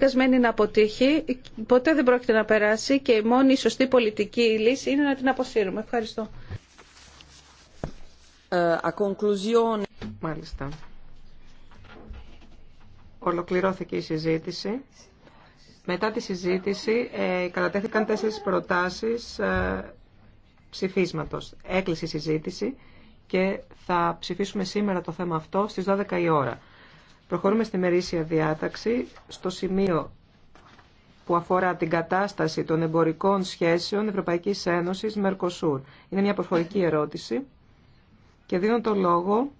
εγκασμένη να αποτύχει, ποτέ δεν πρόκειται να περάσει και η μόνη σωστή πολιτική λύση είναι να την αποσύρουμε. Ευχαριστώ. Ε, Μάλιστα. Ολοκληρώθηκε η συζήτηση. Μετά τη συζήτηση ε, κατατέθηκαν τέσσερις προτάσεις ε, ψηφίσματος. Έκλεισε η συζήτηση και θα ψηφίσουμε σήμερα το θέμα αυτό στις 12 η ώρα. Προχωρούμε στη μερίσια διάταξη στο σημείο που αφορά την κατάσταση των εμπορικών σχέσεων Ευρωπαϊκής Ένωσης Μερκοσούρ. Είναι μια προφορική ερώτηση και δίνω το λόγο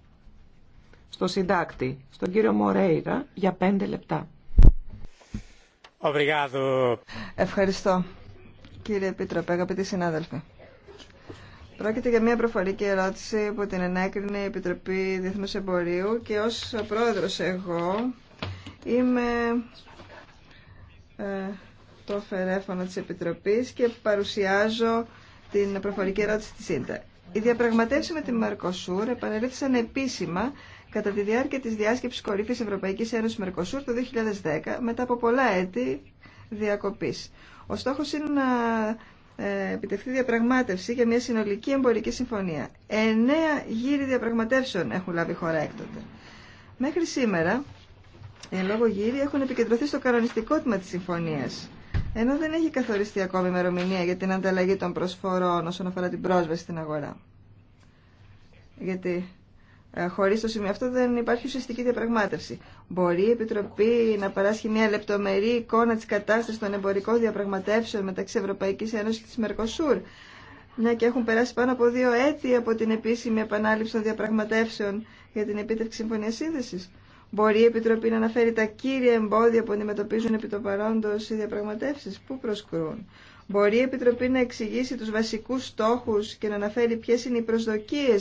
στο συντάκτη, στον κύριο Μορέιρα, για πέντε λεπτά. Ευχαριστώ. Κύριε Επίτροπε, αγαπητοί συνάδελφοι. Πρόκειται για μια προφορική ερώτηση που την ενέκρινε η Επιτροπή Διεθνού Εμπορίου και ως πρόεδρος εγώ είμαι ε, το φερέφωνο της Επιτροπής και παρουσιάζω την προφορική ερώτηση της ΣΥΝΤΑ. Οι διαπραγματεύσεις με τη Μερκοσούρ επανελήφθησαν επίσημα κατά τη διάρκεια της διάσκεψης κορυφής Ευρωπαϊκής Ένωσης Μερκοσούρ το 2010 μετά από πολλά έτη διακοπής. Ο στόχος είναι να ε, επιτευχθεί διαπραγμάτευση για μια συνολική εμπορική συμφωνία. Εννέα γύρι διαπραγματεύσεων έχουν λάβει χώρα έκτοτε. Μέχρι σήμερα, εν λόγω γύρι έχουν επικεντρωθεί στο κανονιστικό τμήμα τη συμφωνία, Ενώ δεν έχει καθοριστεί ακόμη ημερομηνία για την ανταλλαγή των προσφορών όσον αφορά την πρόσβαση στην αγορά. Γιατί ε, χωρί το σημείο αυτό δεν υπάρχει ουσιαστική διαπραγμάτευση. Μπορεί η Επιτροπή να παράσχει μια λεπτομερή εικόνα τη κατάσταση των εμπορικών διαπραγματεύσεων μεταξύ Ευρωπαϊκή Ένωση και τη Μερκοσούρ. Μια και έχουν περάσει πάνω από δύο έτη από την επίσημη επανάληψη των διαπραγματεύσεων για την επίτευξη συμφωνία σύνδεση. Μπορεί η Επιτροπή να αναφέρει τα κύρια εμπόδια που αντιμετωπίζουν επί το παρόντο οι διαπραγματεύσει. Πού προσκρούν. Μπορεί η Επιτροπή να εξηγήσει του βασικού στόχου και να αναφέρει ποιε είναι οι προσδοκίε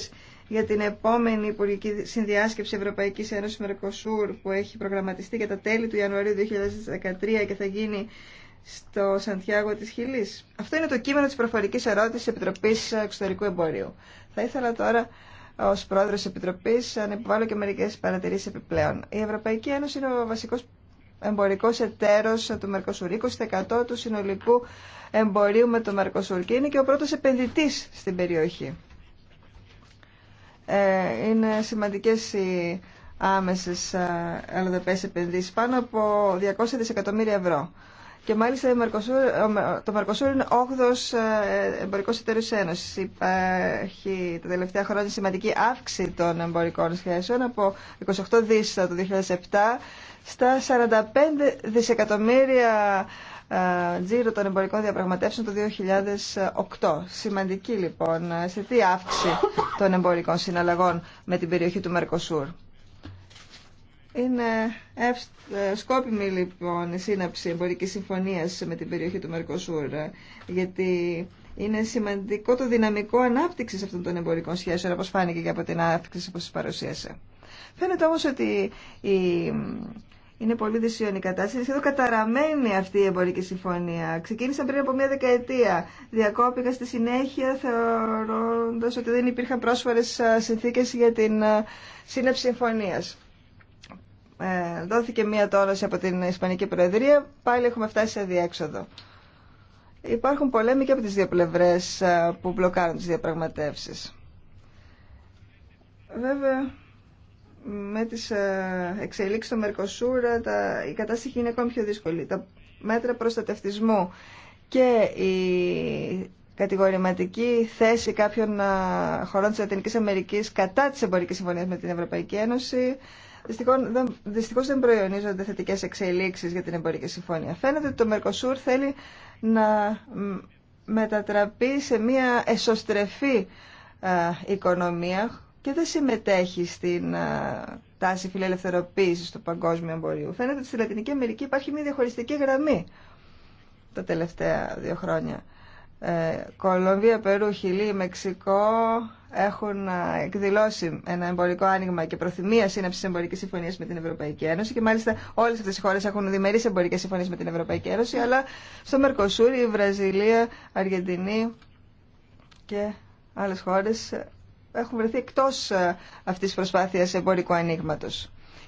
για την επόμενη Υπουργική Συνδιάσκεψη Ευρωπαϊκή Ένωση Μερκοσούρ που έχει προγραμματιστεί για τα τέλη του Ιανουαρίου 2013 και θα γίνει στο Σαντιάγο τη Χιλής. Αυτό είναι το κείμενο της προφορικής ερώτησης Επιτροπής Εξωτερικού Εμπορίου. Θα ήθελα τώρα Ω πρόεδρο τη Επιτροπή, να επιβάλλω και μερικέ παρατηρήσει επιπλέον. Η Ευρωπαϊκή Ένωση είναι ο βασικό εμπορικό εταίρο του Μερκοσουρ, 20% του συνολικού εμπορίου με το Μερκοσουρ και είναι και ο πρώτο επενδυτή στην περιοχή. Ε, είναι σημαντικές οι άμεσες ε, αλλοδαπές επενδύσεις, πάνω από 200 δισεκατομμύρια ευρώ. Και μάλιστα το Μαρκοσούρ είναι 8ος ε, εμπορικό εταίρο Ένωση. Υπάρχει τα τελευταία χρόνια σημαντική αύξηση των εμπορικών σχέσεων από 28 δίστα το 2007 στα 45 δισεκατομμύρια τζίρο των εμπορικών διαπραγματεύσεων το 2008. Σημαντική λοιπόν σε τι αύξηση των εμπορικών συναλλαγών με την περιοχή του Μερκοσούρ. Είναι ε, σκόπιμη λοιπόν η σύναψη εμπορική συμφωνία με την περιοχή του Μερκοσούρ, γιατί είναι σημαντικό το δυναμικό ανάπτυξη αυτών των εμπορικών σχέσεων, όπω φάνηκε και από την ανάπτυξη που σα παρουσίασε. Φαίνεται όμω ότι η είναι πολύ δυσίωνη η κατάσταση. εδώ καταραμένη αυτή η εμπορική συμφωνία. Ξεκίνησαν πριν από μία δεκαετία. Διακόπηκα στη συνέχεια θεωρώντα ότι δεν υπήρχαν πρόσφορε συνθήκε για την σύναψη συμφωνία. Ε, δόθηκε μία τόνωση από την Ισπανική Προεδρία. Πάλι έχουμε φτάσει σε διέξοδο. Υπάρχουν πολέμοι και από τις δύο πλευρές που μπλοκάρουν τις διαπραγματεύσεις. Βέβαια, με τις ε, εξελίξεις στο Μερκοσούρα ε, τα, η κατάσταση είναι ακόμη πιο δύσκολη. Τα μέτρα προστατευτισμού και η κατηγορηματική θέση κάποιων ε, χωρών της Λατινικής Αμερικής κατά της εμπορικής συμφωνίας με την Ευρωπαϊκή Ένωση Δυστυχώς δεν, δυστυχώς δεν προϊονίζονται θετικές εξελίξεις για την εμπορική συμφωνία. Φαίνεται ότι το Μερκοσούρ θέλει να μετατραπεί σε μια εσωστρεφή οικονομία και δεν συμμετέχει στην τάση φιλελευθεροποίηση του παγκόσμιου εμπορίου. Φαίνεται ότι στη Λατινική Αμερική υπάρχει μια διαχωριστική γραμμή τα τελευταία δύο χρόνια. Ε, Κολομβία, Περού, Χιλή, Μεξικό έχουν εκδηλώσει ένα εμπορικό άνοιγμα και προθυμία σύναψη εμπορική συμφωνία με την Ευρωπαϊκή Ένωση. Και μάλιστα όλε αυτέ οι χώρε έχουν διμερεί εμπορικέ συμφωνίε με την Ευρωπαϊκή Ένωση. Αλλά στο Μερκοσούρ η Βραζιλία, Αργεντινή και άλλε χώρε έχουν βρεθεί εκτός ε, αυτής της προσπάθειας εμπορικού ανοίγματο.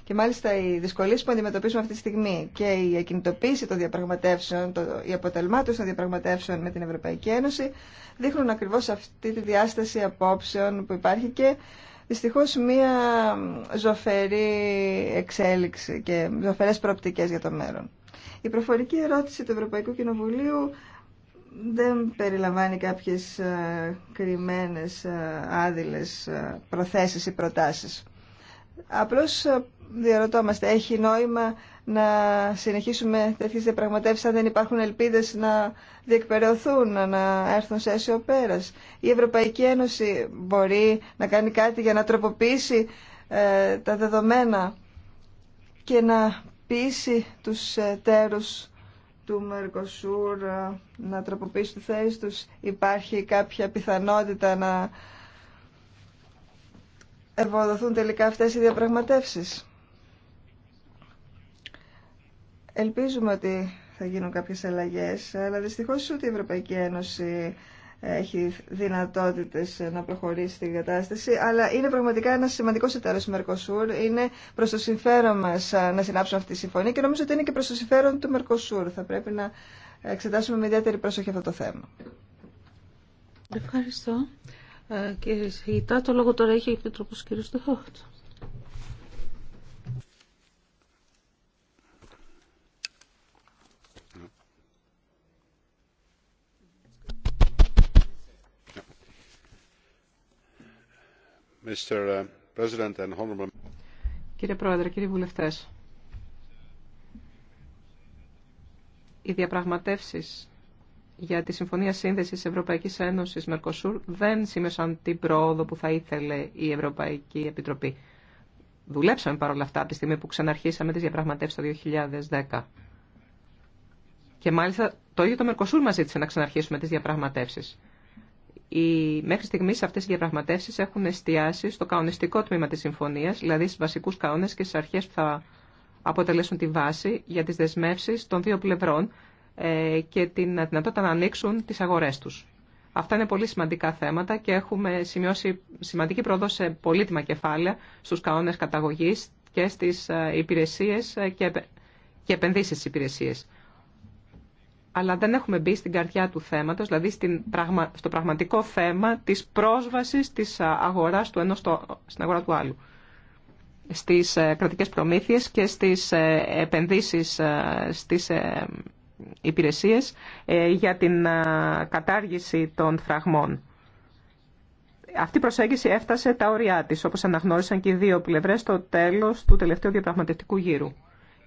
Και μάλιστα οι δυσκολίε που αντιμετωπίζουμε αυτή τη στιγμή και η ακινητοποίηση των διαπραγματεύσεων, το, η αποτελμάτωση των διαπραγματεύσεων με την Ευρωπαϊκή Ένωση δείχνουν ακριβώ αυτή τη διάσταση απόψεων που υπάρχει και δυστυχώ μία ζωφερή εξέλιξη και ζωφερέ προοπτικέ για το μέλλον. Η προφορική ερώτηση του Ευρωπαϊκού Κοινοβουλίου δεν περιλαμβάνει κάποιες ε, κρυμμένες ε, άδειλες ε, προθέσεις ή προτάσεις. Απλώς διαρωτόμαστε, έχει νόημα να συνεχίσουμε τέτοιες διαπραγματεύσεις αν δεν υπάρχουν ελπίδες να διεκπεραιωθούν, να έρθουν σε αίσιο πέρας. Η Ευρωπαϊκή Ένωση μπορεί να κάνει κάτι για να τροποποιήσει τα δεδομένα και να πείσει τους τέρους του Μερκοσούρ ε, να τροποποιήσει τη θέση τους. Υπάρχει κάποια πιθανότητα να ευοδοθούν τελικά αυτές οι διαπραγματεύσεις. Ελπίζουμε ότι θα γίνουν κάποιες αλλαγές, αλλά δυστυχώς ούτε η Ευρωπαϊκή Ένωση έχει δυνατότητες να προχωρήσει την κατάσταση, αλλά είναι πραγματικά ένα σημαντικό εταίρο του Μερκοσούρ. Είναι προ το συμφέρον μα να συνάψουμε αυτή τη συμφωνία και νομίζω ότι είναι και προ το συμφέρον του Μερκοσούρ. Θα πρέπει να εξετάσουμε με ιδιαίτερη προσοχή αυτό το θέμα. Ευχαριστώ. Ε, κύριε Σιγητά, το λόγο τώρα έχει ο Επίτροπο κ. Στεχόχτ. Uh, Κύριε Πρόεδρε, κύριοι βουλευτές, οι διαπραγματεύσεις για τη Συμφωνία Σύνδεσης Ευρωπαϊκής Ένωσης Μερκοσούρ δεν σήμεσαν την πρόοδο που θα ήθελε η Ευρωπαϊκή Επιτροπή. Δουλέψαμε παρόλα αυτά από τη στιγμή που ξαναρχίσαμε τις διαπραγματεύσεις το 2010. Και μάλιστα το ίδιο το Μερκοσούρ μας ζήτησε να ξαναρχίσουμε τις διαπραγματεύσεις οι, μέχρι στιγμής αυτές οι διαπραγματεύσεις έχουν εστιάσει στο καονιστικό τμήμα της συμφωνίας, δηλαδή στους βασικούς καόνες και στις αρχές που θα αποτελέσουν τη βάση για τις δεσμεύσεις των δύο πλευρών ε, και την δυνατότητα να ανοίξουν τις αγορές τους. Αυτά είναι πολύ σημαντικά θέματα και έχουμε σημειώσει σημαντική πρόοδο σε πολύτιμα κεφάλαια στους καόνες καταγωγής και στις ε, υπηρεσίες ε, και επενδύσεις στις υπηρεσίες αλλά δεν έχουμε μπει στην καρδιά του θέματος, δηλαδή στην πραγμα... στο πραγματικό θέμα της πρόσβασης της αγοράς του ενός στο... στην αγορά του άλλου. Στις ε, κρατικές προμήθειες και στις ε, επενδύσεις ε, στις υπηρεσίες για την κατάργηση των φραγμών. Αυτή η προσέγγιση έφτασε τα όρια της, όπως αναγνώρισαν και οι δύο πλευρές στο τέλος του τελευταίου διαπραγματευτικού γύρου.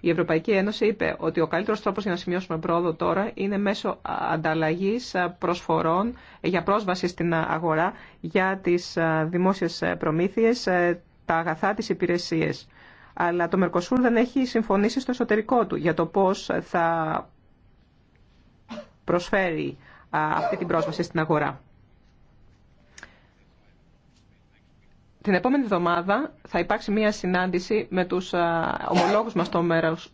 Η Ευρωπαϊκή Ένωση είπε ότι ο καλύτερος τρόπος για να σημειώσουμε πρόοδο τώρα είναι μέσω ανταλλαγής προσφορών για πρόσβαση στην αγορά για τις ε, δημόσιες ε, προμήθειες, ε, τα αγαθά, τις υπηρεσίες. Αλλά το Μερκοσούρ δεν έχει συμφωνήσει στο εσωτερικό του για το πώς θα προσφέρει αυτή την πρόσβαση στην αγορά. την επόμενη εβδομάδα θα υπάρξει μία συνάντηση με τους ομολόγους μας στο,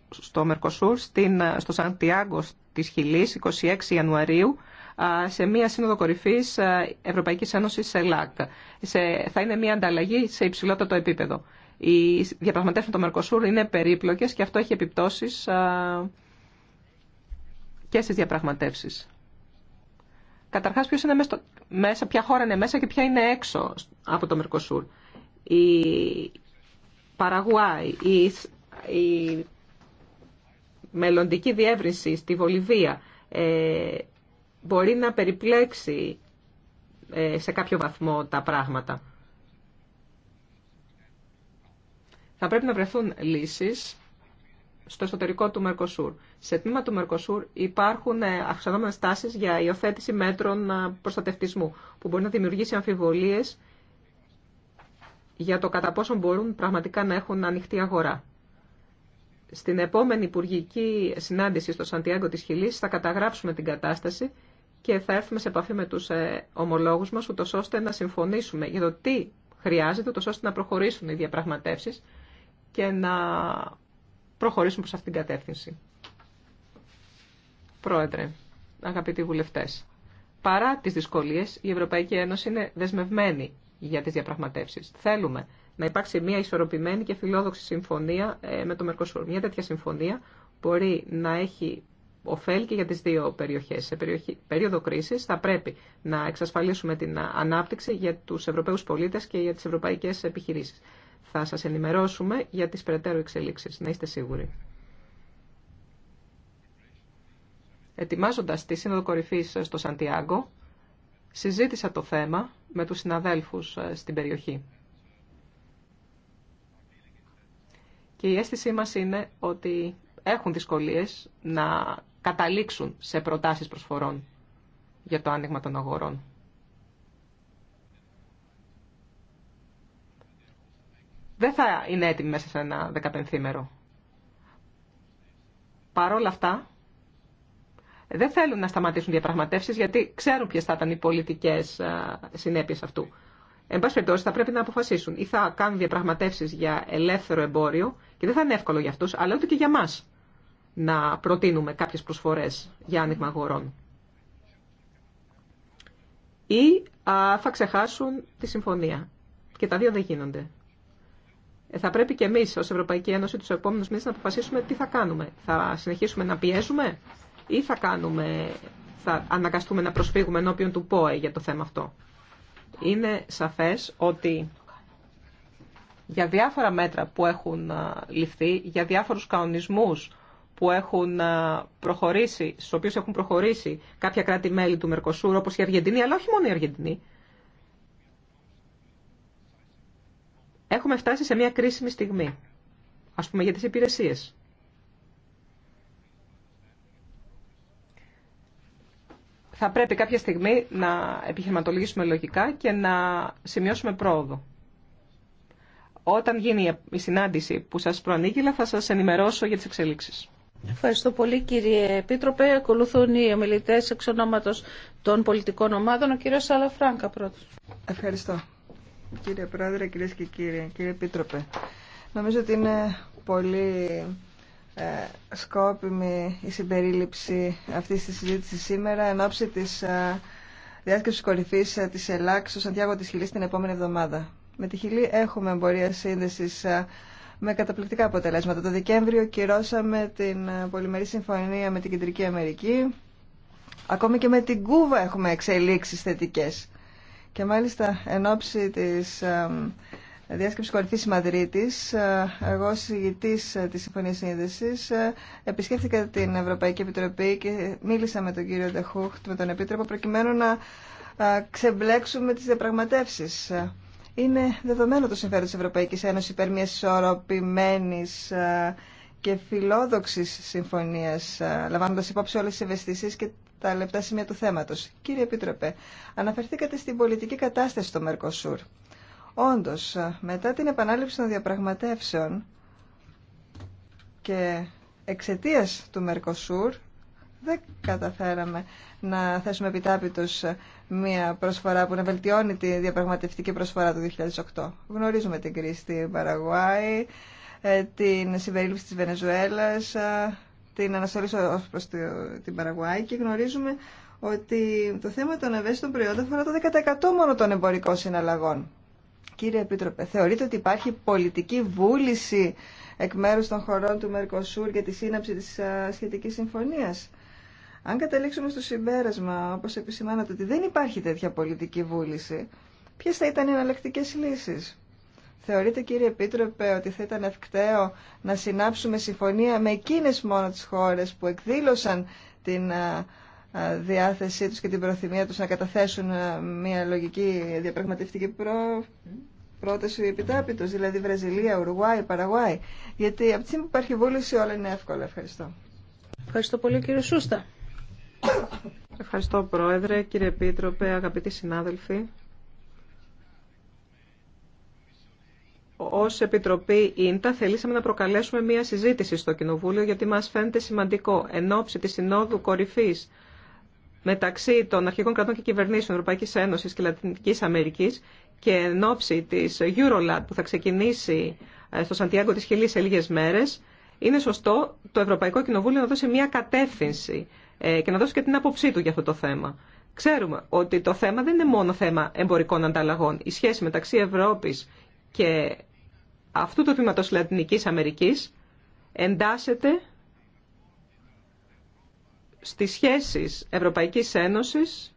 στο Μερκοσούρ, στην, στο Σαντιάγκο της Χιλής, 26 Ιανουαρίου, σε μία σύνοδο κορυφής Ευρωπαϊκής Ένωσης σε θα είναι μία ανταλλαγή σε υψηλότερο επίπεδο. Οι διαπραγματεύσεις με το Μερκοσούρ είναι περίπλοκες και αυτό έχει επιπτώσεις και στις διαπραγματεύσεις. Καταρχάς, ποια χώρα είναι μέσα και ποια είναι έξω από το Μερκοσούρ η Παραγουάη, η, μελλοντική διεύρυνση στη Βολιβία ε, μπορεί να περιπλέξει ε, σε κάποιο βαθμό τα πράγματα. Θα πρέπει να βρεθούν λύσεις στο εσωτερικό του Μερκοσούρ. Σε τμήμα του Μερκοσούρ υπάρχουν ε, αυξανόμενες τάσεις για υιοθέτηση μέτρων προστατευτισμού, που μπορεί να δημιουργήσει αμφιβολίες για το κατά πόσο μπορούν πραγματικά να έχουν ανοιχτή αγορά. Στην επόμενη υπουργική συνάντηση στο Σαντιάγκο της Χιλής θα καταγράψουμε την κατάσταση και θα έρθουμε σε επαφή με τους ε, ομολόγους μας, ούτως ώστε να συμφωνήσουμε για το τι χρειάζεται, ούτως ώστε να προχωρήσουν οι διαπραγματεύσεις και να προχωρήσουμε προς αυτήν την κατεύθυνση. Πρόεδρε, αγαπητοί βουλευτές, παρά τις δυσκολίες, η Ευρωπαϊκή Ένωση είναι δεσμευμένη για τις διαπραγματεύσεις. Θέλουμε να υπάρξει μια ισορροπημένη και φιλόδοξη συμφωνία ε, με το Μερκοσούρ. Μια τέτοια συμφωνία μπορεί να έχει ωφέλη και για τις δύο περιοχές. Σε περίοδο κρίσης θα πρέπει να εξασφαλίσουμε την ανάπτυξη για τους Ευρωπαίους πολίτες και για τις ευρωπαϊκές επιχειρήσεις. Θα σας ενημερώσουμε για τις περαιτέρω εξελίξεις. Να είστε σίγουροι. Ετοιμάζοντας τη Σύνοδο Κορυφής στο Σαντιάγκο, Συζήτησα το θέμα με τους συναδέλφους ε, στην περιοχή. Και η αίσθησή μας είναι ότι έχουν δυσκολίες να καταλήξουν σε προτάσεις προσφορών για το άνοιγμα των αγορών. Δεν θα είναι έτοιμοι μέσα σε ένα δεκαπενθήμερο. Παρόλα αυτά, δεν θέλουν να σταματήσουν διαπραγματεύσει, γιατί ξέρουν ποιε θα ήταν οι πολιτικέ συνέπειε αυτού. Εν πάση περιπτώσει, θα πρέπει να αποφασίσουν ή θα κάνουν διαπραγματεύσει για ελεύθερο εμπόριο και δεν θα είναι εύκολο για αυτού, αλλά ούτε και για εμά να προτείνουμε κάποιε προσφορέ για άνοιγμα αγορών. Ή α, θα ξεχάσουν τη συμφωνία. Και τα δύο δεν γίνονται. Ε, θα πρέπει και εμεί ω Ευρωπαϊκή Ένωση του επόμενου μήνε να αποφασίσουμε τι θα κάνουμε. Θα συνεχίσουμε να πιέζουμε ή θα κάνουμε, θα αναγκαστούμε να προσφύγουμε ενώπιον του ΠΟΕ για το θέμα αυτό. Είναι σαφές ότι για διάφορα μέτρα που έχουν ληφθεί, για διάφορους κανονισμούς που έχουν προχωρήσει, στους οποίους έχουν προχωρήσει κάποια κράτη-μέλη του Μερκοσούρ, όπως η Αργεντινή, αλλά όχι μόνο η Αργεντινή, έχουμε φτάσει σε μια κρίσιμη στιγμή, ας πούμε για τις υπηρεσίες. θα πρέπει κάποια στιγμή να επιχειρηματολογήσουμε λογικά και να σημειώσουμε πρόοδο. Όταν γίνει η συνάντηση που σας προανήγγειλα θα σας ενημερώσω για τις εξελίξεις. Ευχαριστώ πολύ κύριε Επίτροπε. Ακολουθούν οι ομιλητέ εξ ονόματος των πολιτικών ομάδων. Ο κύριος Σαλαφράγκα πρώτος. Ευχαριστώ. Κύριε Πρόεδρε, κυρίες και κύριοι, κύριε Επίτροπε. Νομίζω ότι είναι πολύ ε, σκόπιμη η συμπερίληψη αυτής της συζήτηση σήμερα εν ώψη της ε, διάσκεψης κορυφής ε, της ΕΛΑΚ στο Σαντιάγο της Χιλής την επόμενη εβδομάδα. Με τη Χιλή έχουμε εμπορία σύνδεσης με καταπληκτικά αποτελέσματα. Το Δεκέμβριο κυρώσαμε την πολυμερή συμφωνία με την Κεντρική Αμερική. Ακόμη και με την Κούβα έχουμε εξελίξεις θετικές. Και μάλιστα εν ώψη της διάσκεψη κορυφή Μαδρίτη, ε, εγώ συζητητή ε, τη Συμφωνία Σύνδεση, ε, επισκέφθηκα την Ευρωπαϊκή Επιτροπή και μίλησα με τον κύριο Ντεχούχτ, με τον Επίτροπο, προκειμένου να ξεμπλέξουμε τι διαπραγματεύσει. Είναι δεδομένο το συμφέρον τη Ευρωπαϊκή Ένωση υπέρ μια ισορροπημένη και φιλόδοξη συμφωνία, λαμβάνοντα υπόψη όλε τι ευαισθησίε και τα λεπτά σημεία του θέματο. Κύριε Επίτροπε, αναφερθήκατε στην πολιτική κατάσταση στο Μερκοσούρ. Όντως, μετά την επανάληψη των διαπραγματεύσεων και εξαιτίας του Μερκοσούρ δεν καταφέραμε να θέσουμε επιτάπητος μια προσφορά που να βελτιώνει τη διαπραγματευτική προσφορά του 2008. Γνωρίζουμε την κρίση στην Παραγουάη, ε, την συμπερίληψη της Βενεζουέλας, ε, την αναστολή ως προς την Παραγουάη και γνωρίζουμε ότι το θέμα των ευαίσθητων προϊόντων αφορά το 10% μόνο των εμπορικών συναλλαγών. Κύριε Επίτροπε, θεωρείτε ότι υπάρχει πολιτική βούληση εκ μέρους των χωρών του Μερκοσούρ για τη σύναψη της σχετικής συμφωνίας. Αν καταλήξουμε στο συμπέρασμα, όπως επισημάνατε, ότι δεν υπάρχει τέτοια πολιτική βούληση, ποιες θα ήταν οι εναλλακτικέ λύσεις. Θεωρείτε κύριε Επίτροπε ότι θα ήταν ευκταίο να συνάψουμε συμφωνία με εκείνες μόνο τις χώρες που εκδήλωσαν την ε, διάθεσή τους και την προθυμία τους να καταθέσουν ε, μια λογική διαπραγματευτική προ... πρόταση επιτάπητος, δηλαδή Βραζιλία, Ουρουάη, Παραγουάη. Γιατί από τη στιγμή που υπάρχει βούληση όλα είναι εύκολα. Ευχαριστώ. Ευχαριστώ πολύ κύριε Σούστα. Ευχαριστώ Πρόεδρε, κύριε Επίτροπε, αγαπητοί συνάδελφοι. Ως Επιτροπή ΙΝΤΑ θελήσαμε να προκαλέσουμε μία συζήτηση στο Κοινοβούλιο γιατί μας φαίνεται σημαντικό εν ώψη της Συνόδου Κορυφής μεταξύ των αρχικών κρατών και κυβερνήσεων Ευρωπαϊκή Ένωση και Λατινική Αμερική και εν ώψη της Eurolat που θα ξεκινήσει ε, στο Σαντιάγκο τη Χιλή σε λίγε μέρε, είναι σωστό το Ευρωπαϊκό Κοινοβούλιο να δώσει μια κατεύθυνση ε, και να δώσει και την άποψή του για αυτό το θέμα. Ξέρουμε ότι το θέμα δεν είναι μόνο θέμα εμπορικών ανταλλαγών. Η σχέση μεταξύ Ευρώπη και αυτού του τμήματο Λατινική Αμερική εντάσσεται στις σχέσεις Ευρωπαϊκής Ένωσης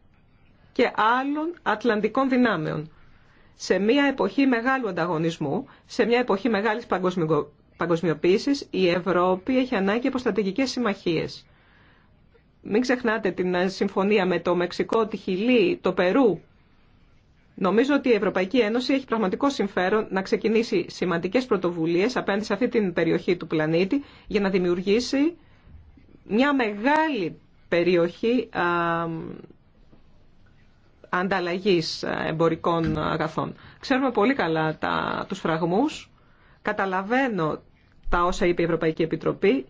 και άλλων ατλαντικών δυνάμεων. Σε μια εποχή μεγάλου ανταγωνισμού, σε μια εποχή μεγάλης παγκοσμιοποίησης, η Ευρώπη έχει ανάγκη από στρατηγικές συμμαχίες. Μην ξεχνάτε την συμφωνία με το Μεξικό, τη Χιλή, το Περού. Νομίζω ότι η Ευρωπαϊκή Ένωση έχει πραγματικό συμφέρον να ξεκινήσει σημαντικές πρωτοβουλίες απέναντι σε αυτή την περιοχή του πλανήτη για να δημιουργήσει μια μεγάλη περιοχή ανταλλαγής εμπορικών αγαθών. Ξέρουμε πολύ καλά τα, τους φραγμούς, καταλαβαίνω τα όσα είπε η Ευρωπαϊκή Επιτροπή,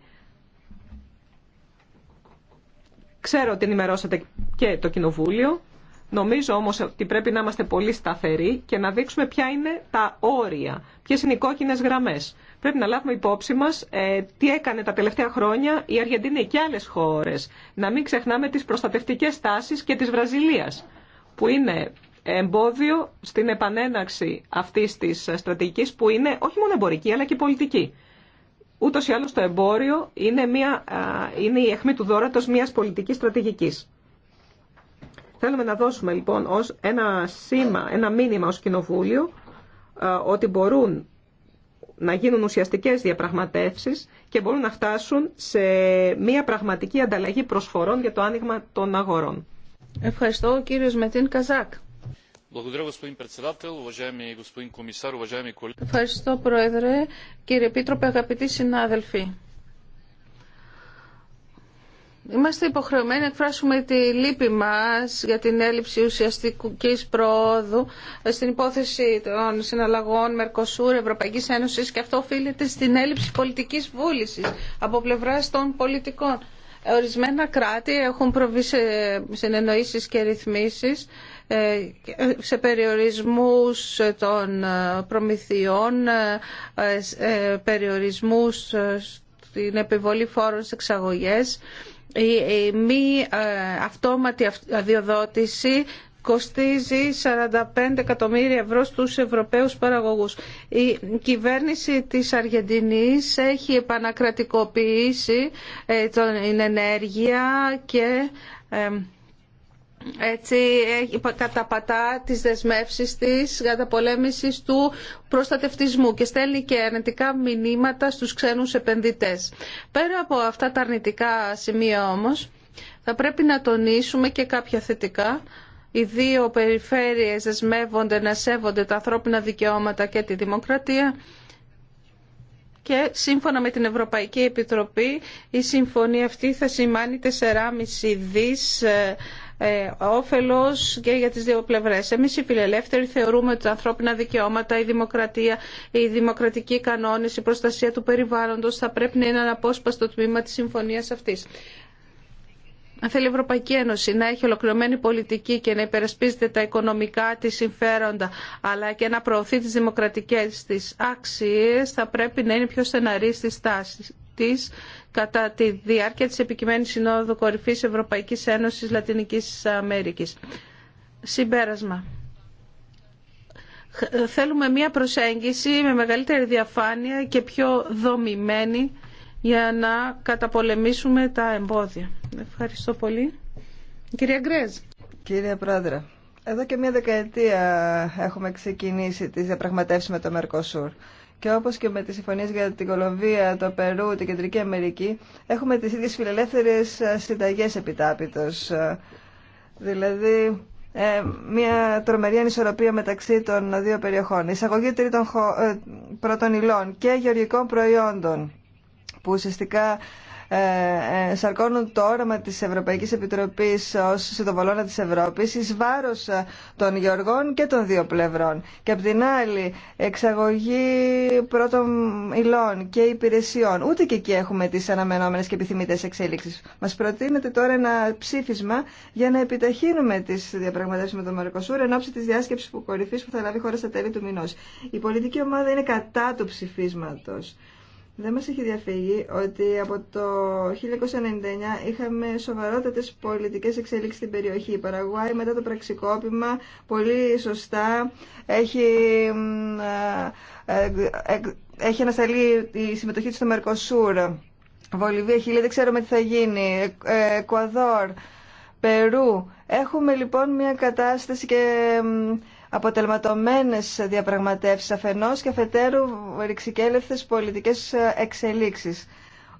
ξέρω ότι ενημερώσατε και το Κοινοβούλιο Νομίζω όμω ότι πρέπει να είμαστε πολύ σταθεροί και να δείξουμε ποια είναι τα όρια, ποιε είναι οι κόκκινε γραμμέ. Πρέπει να λάβουμε υπόψη μα ε, τι έκανε τα τελευταία χρόνια η Αργεντινή και άλλε χώρε Να μην ξεχνάμε τι προστατευτικέ τάσει και τη Βραζιλία, που είναι εμπόδιο στην επανέναξη αυτή τη στρατηγική, που είναι όχι μόνο εμπορική αλλά και πολιτική. Ούτως ή άλλως Ούτω η άλλω το εμποριο ειναι μια ειναι η αιχμη του δόρατος μια πολιτική στρατηγική. Θέλουμε να δώσουμε λοιπόν ως ένα σήμα, ένα μήνυμα ως Κοινοβούλιο ε, ότι μπορούν να γίνουν ουσιαστικές διαπραγματεύσεις και μπορούν να φτάσουν σε μια πραγματική ανταλλαγή προσφορών για το άνοιγμα των αγορών. Ευχαριστώ κύριος Μετίν Καζάκ. Ευχαριστώ Πρόεδρε, κύριε Επίτροπε, αγαπητοί συνάδελφοι. Είμαστε υποχρεωμένοι να εκφράσουμε τη λύπη μας για την έλλειψη ουσιαστικής προόδου στην υπόθεση των συναλλαγών Μερκοσούρ Ευρωπαϊκής Ένωσης και αυτό οφείλεται στην έλλειψη πολιτικής βούλησης από πλευράς των πολιτικών. Ορισμένα κράτη έχουν προβεί σε συνεννοήσεις και ρυθμίσεις ε, σε περιορισμούς των προμηθειών, ε, ε, περιορισμούς στην επιβολή φόρων σε εξαγωγές η μη ε, αυτόματη αδειοδότηση κοστίζει 45 εκατομμύρια ευρώ στους Ευρωπαίους παραγωγούς. Η κυβέρνηση της Αργεντινής έχει επανακρατικοποιήσει ε, την ενέργεια και ε, έτσι καταπατά τις δεσμεύσεις της πολέμηση του προστατευτισμού και στέλνει και αρνητικά μηνύματα στους ξένους επενδυτές. Πέρα από αυτά τα αρνητικά σημεία όμως, θα πρέπει να τονίσουμε και κάποια θετικά. Οι δύο περιφέρειες δεσμεύονται να σέβονται τα ανθρώπινα δικαιώματα και τη δημοκρατία και σύμφωνα με την Ευρωπαϊκή Επιτροπή η συμφωνία αυτή θα σημάνει 4,5 δις ε, ε, όφελος και για τις δύο πλευρές. Εμείς οι φιλελεύθεροι θεωρούμε ότι τα ανθρώπινα δικαιώματα, η δημοκρατία, οι δημοκρατικοί κανόνες, η προστασία του περιβάλλοντος θα πρέπει να είναι ένα απόσπαστο τμήμα τη συμφωνίας αυτής. Αν θέλει η Ευρωπαϊκή Ένωση να έχει ολοκληρωμένη πολιτική και να υπερασπίζεται τα οικονομικά της συμφέροντα, αλλά και να προωθεί τις δημοκρατικές της άξιες, θα πρέπει να είναι πιο στεναρή στι τάσει κατά τη διάρκεια τη επικειμένη Συνόδου Κορυφή Ευρωπαϊκή Ένωση Λατινική Αμέρική. Συμπέρασμα. Ε, θέλουμε μία προσέγγιση με μεγαλύτερη διαφάνεια και πιο δομημένη για να καταπολεμήσουμε τα εμπόδια. Ευχαριστώ πολύ. Κυρία Γκρέζ. Κύριε Πρόεδρε, εδώ και μία δεκαετία έχουμε ξεκινήσει τις διαπραγματεύσεις με το Μερκοσούρ. Και όπως και με τις συμφωνίε για την Κολομβία, το Περού, την Κεντρική Αμερική, έχουμε τις ίδιες φιλελεύθερες ε, συνταγέ επιτάπητο. Ε, δηλαδή, ε, μια τρομερή ανισορροπία μεταξύ των δύο περιοχών. εισαγωγή τρίτων πρώτων υλών και γεωργικών προϊόντων, που ουσιαστικά ε, ε, σαρκώνουν το όραμα της Ευρωπαϊκής Επιτροπής ως συντοβολώνα της Ευρώπης εις βάρος ε, των γεωργών και των δύο πλευρών. Και απ' την άλλη εξαγωγή πρώτων υλών και υπηρεσιών. Ούτε και εκεί έχουμε τις αναμενόμενες και επιθυμητέ εξέλιξεις. Μας προτείνεται τώρα ένα ψήφισμα για να επιταχύνουμε τις διαπραγματεύσεις με τον Μαρκοσούρ εν ώψη της διάσκεψης που που θα λάβει χώρα στα τέλη του μηνός. Η πολιτική ομάδα είναι κατά του ψηφίσματος. Δεν μας έχει διαφύγει ότι από το 1999 είχαμε σοβαρότατες πολιτικές εξέλιξεις στην περιοχή. Η Παραγουάη μετά το πραξικόπημα πολύ σωστά έχει, ε, ε, ε, έχει ανασταλεί η συμμετοχή της στο Μερκοσούρ. Βολιβία, Χίλια, δεν ξέρουμε τι θα γίνει. Εκουαδόρ, Περού. Έχουμε λοιπόν μια κατάσταση και αποτελματωμένες διαπραγματεύσεις αφενός και αφετέρου ρηξικέλευθες πολιτικές εξελίξεις.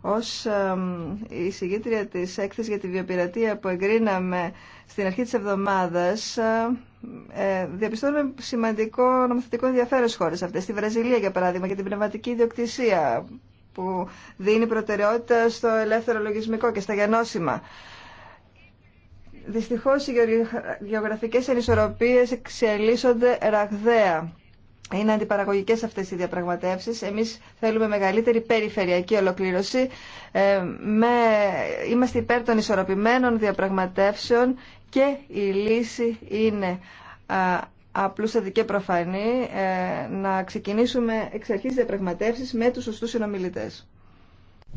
Ως η συγγήτρια της έκθεσης για τη βιοπειρατεία που εγκρίναμε στην αρχή της εβδομάδας, ε, ε, διαπιστώνουμε σημαντικό νομοθετικό ενδιαφέρον χώρες αυτές. Στη Βραζιλία, για παράδειγμα, για την πνευματική ιδιοκτησία που δίνει προτεραιότητα στο ελεύθερο λογισμικό και στα γενώσιμα. Δυστυχώς οι γεωγραφικές ενισορροπίες εξελίσσονται ραγδαία. Είναι αντιπαραγωγικές αυτές οι διαπραγματεύσεις. Εμείς θέλουμε μεγαλύτερη περιφερειακή ολοκλήρωση. Ε, με... Είμαστε υπέρ των ισορροπημένων διαπραγματεύσεων και η λύση είναι απλούστατη και προφανή ε, να ξεκινήσουμε εξ αρχής διαπραγματεύσεις με τους σωστούς συνομιλητές.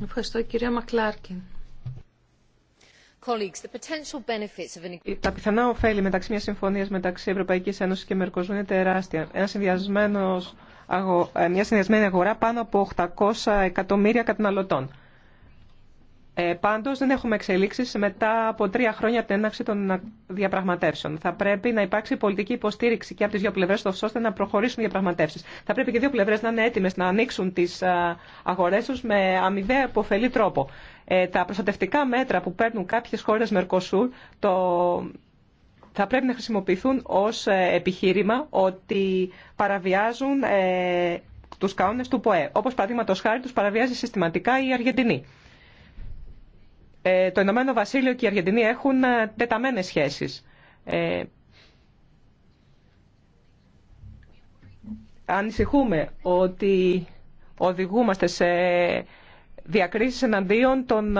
Ευχαριστώ κυρία Μακλάρκιν. Τα πιθανά ωφέλη μεταξύ μια συμφωνία μεταξύ Ευρωπαϊκή Ένωση και Μερκοζού είναι τεράστια. Ε, μια συνδυασμένη αγορά πάνω από 800 εκατομμύρια καταναλωτών. Ε, Πάντω δεν έχουμε εξελίξει μετά από τρία χρόνια από την έναρξη των διαπραγματεύσεων. Θα πρέπει να υπάρξει πολιτική υποστήριξη και από τι δύο πλευρέ, ώστε να προχωρήσουν οι διαπραγματεύσει. Θα πρέπει και οι δύο πλευρέ να είναι έτοιμε να ανοίξουν τι ε, αγορέ του με αμοιβαία υποφελή τρόπο. Ε, τα προστατευτικά μέτρα που παίρνουν κάποιες χώρες Μερκοσούρ το... θα πρέπει να χρησιμοποιηθούν ως ε, επιχείρημα ότι παραβιάζουν ε, τους κανόνες του ΠΟΕ. Όπως παραδείγματο χάρη τους παραβιάζει συστηματικά η Αργεντινή. Ε, το Ηνωμένο Βασίλειο και η Αργεντινή έχουν τεταμένες σχέσεις. Ε, ανησυχούμε ότι οδηγούμαστε σε διακρίσεις εναντίον των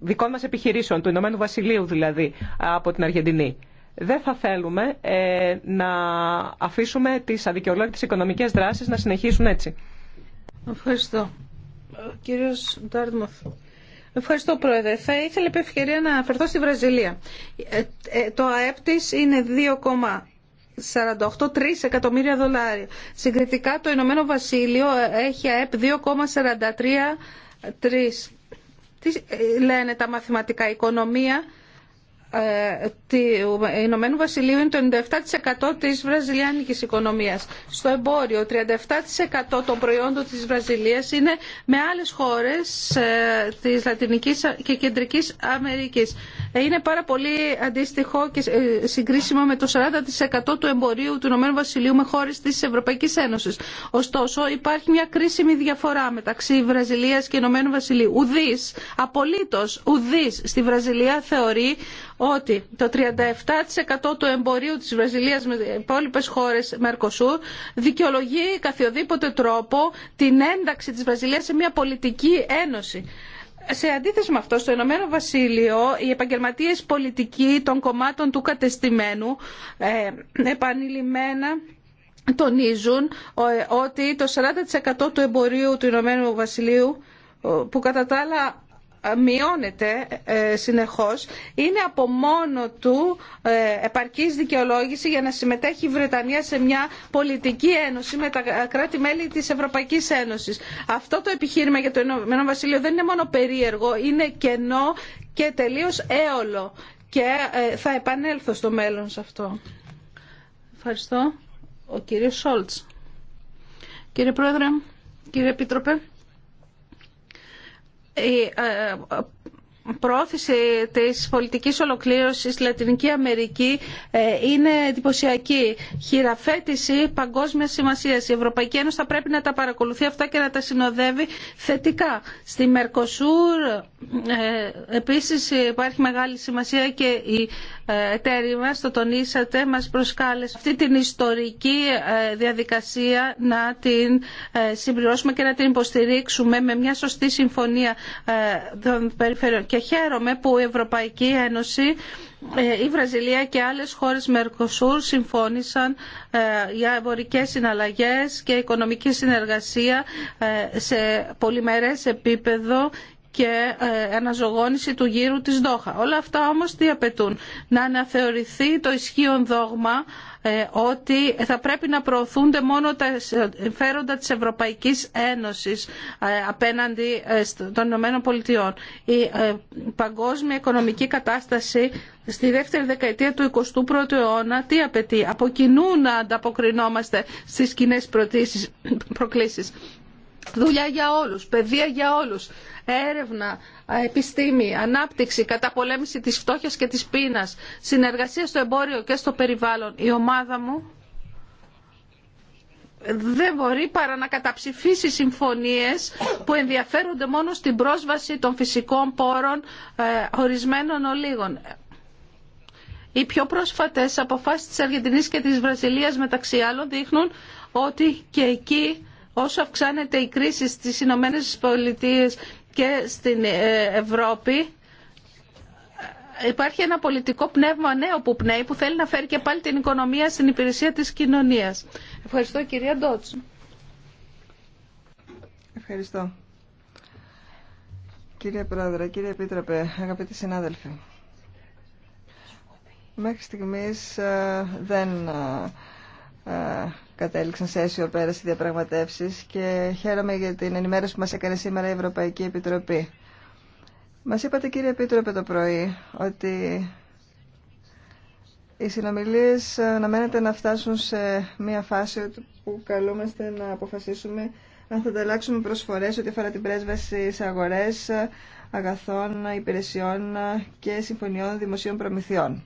δικών μας επιχειρήσεων, του Ηνωμένου Βασιλείου δηλαδή, από την Αργεντινή. Δεν θα θέλουμε ε, να αφήσουμε τις αδικαιολόγητες οικονομικές δράσεις να συνεχίσουν έτσι. Ευχαριστώ. κύριος Ντάρντμοθ. Ευχαριστώ, Πρόεδρε. Θα ήθελα επί ευκαιρία να αναφερθώ στη Βραζιλία. Ε, ε, το ΑΕΠ της είναι 48,3 εκατομμύρια δολάρια. Συγκριτικά το Ηνωμένο Βασίλειο ε, έχει ΑΕΠ 2,43 Τι ε, λένε τα μαθηματικά, οικονομία ε, του Ηνωμένου Βασιλείου είναι το 97% της βραζιλιάνικης οικονομίας. Στο εμπόριο 37% των προϊόντων της Βραζιλίας είναι με άλλες χώρες της Λατινικής και Κεντρικής Αμερικής είναι πάρα πολύ αντίστοιχο και ε, συγκρίσιμο με το 40% του εμπορίου του Ηνωμένου Βασιλείου με χώρε τη Ευρωπαϊκή Ένωση. Ωστόσο, υπάρχει μια κρίσιμη διαφορά μεταξύ Βραζιλία και Ηνωμένου Βασιλείου. Ουδή, απολύτω ουδή στη Βραζιλία θεωρεί ότι το 37% του εμπορίου της Βραζιλίας με υπόλοιπε χώρες Μερκοσούρ δικαιολογεί καθιοδήποτε τρόπο την ένταξη τη Βραζίλία σε μια πολιτική ένωση σε αντίθεση με αυτό, στο Ηνωμένο Βασίλειο οι επαγγελματίε πολιτικοί των κομμάτων του κατεστημένου ε, επανειλημμένα τονίζουν ε, ότι το 40% του εμπορίου του Ηνωμένου Βασιλείου ε, που κατά τα άλλα μειώνεται ε, συνεχώς είναι από μόνο του ε, επαρκής δικαιολόγηση για να συμμετέχει η Βρετανία σε μια πολιτική ένωση με τα κράτη-μέλη της Ευρωπαϊκής Ένωσης. Αυτό το επιχείρημα για το Ηνωμένο Βασίλειο δεν είναι μόνο περίεργο, είναι κενό και τελείως έολο και ε, θα επανέλθω στο μέλλον σε αυτό. Ευχαριστώ. Ο κύριος Σόλτς. Κύριε Πρόεδρε, κύριε Επίτροπε η ε, πρόθεση της πολιτικής ολοκλήρωσης στη Λατινική Αμερική ε, είναι εντυπωσιακή. Χειραφέτηση παγκόσμια σημασία. Η Ευρωπαϊκή Ένωση θα πρέπει να τα παρακολουθεί αυτά και να τα συνοδεύει θετικά. Στη Μερκοσούρ ε, επίσης υπάρχει μεγάλη σημασία και η ε, εταίροι μας, το τονίσατε, μας προσκάλεσε αυτή την ιστορική ε, διαδικασία να την συμπληρώσουμε και να την υποστηρίξουμε με μια σωστή συμφωνία των περιφερειών. Και χαίρομαι που η Ευρωπαϊκή Ένωση, η Βραζιλία και άλλες χώρες Μερκοσούρ συμφώνησαν για εμπορικές συναλλαγές και οικονομική συνεργασία σε πολυμερές επίπεδο και ε, αναζωγόνηση του γύρου της Δόχα. Όλα αυτά όμως τι απαιτούν. Να αναθεωρηθεί το ισχύον δόγμα ε, ότι θα πρέπει να προωθούνται μόνο τα εμφέροντα της Ευρωπαϊκής Ένωσης ε, απέναντι των Ηνωμένων Πολιτειών. Η παγκόσμια οικονομική κατάσταση στη δεύτερη δεκαετία του 21ου αιώνα τι απαιτεί. Από κοινού να ανταποκρινόμαστε στις κοινέ προκλήσεις. Δουλειά για όλους, παιδεία για όλους, έρευνα, επιστήμη, ανάπτυξη, καταπολέμηση της φτώχειας και της πείνας, συνεργασία στο εμπόριο και στο περιβάλλον. Η ομάδα μου δεν μπορεί παρά να καταψηφίσει συμφωνίες που ενδιαφέρονται μόνο στην πρόσβαση των φυσικών πόρων ε, ορισμένων ολίγων. Οι πιο πρόσφατες αποφάσεις της Αργεντινής και της Βραζιλίας μεταξύ άλλων δείχνουν ότι και εκεί όσο αυξάνεται η κρίση στις Ηνωμένε Πολιτείες και στην ε, Ευρώπη υπάρχει ένα πολιτικό πνεύμα νέο που πνέει που θέλει να φέρει και πάλι την οικονομία στην υπηρεσία της κοινωνίας. Ευχαριστώ κυρία Ντότσου. Ευχαριστώ. Κύριε Πρόεδρε, κύριε Επίτροπε, αγαπητοί συνάδελφοι. Μέχρι στιγμής ε, δεν ε, κατέληξαν σε αίσιο πέρα οι διαπραγματεύσεις και χαίρομαι για την ενημέρωση που μα έκανε σήμερα η Ευρωπαϊκή Επιτροπή. Μας είπατε κύριε Επίτροπε το πρωί ότι οι συνομιλίε αναμένεται να φτάσουν σε μια φάση που καλούμαστε να αποφασίσουμε αν θα ανταλλάξουμε προσφορέ ό,τι αφορά την πρέσβαση σε αγορέ αγαθών, υπηρεσιών και συμφωνιών δημοσίων προμηθειών.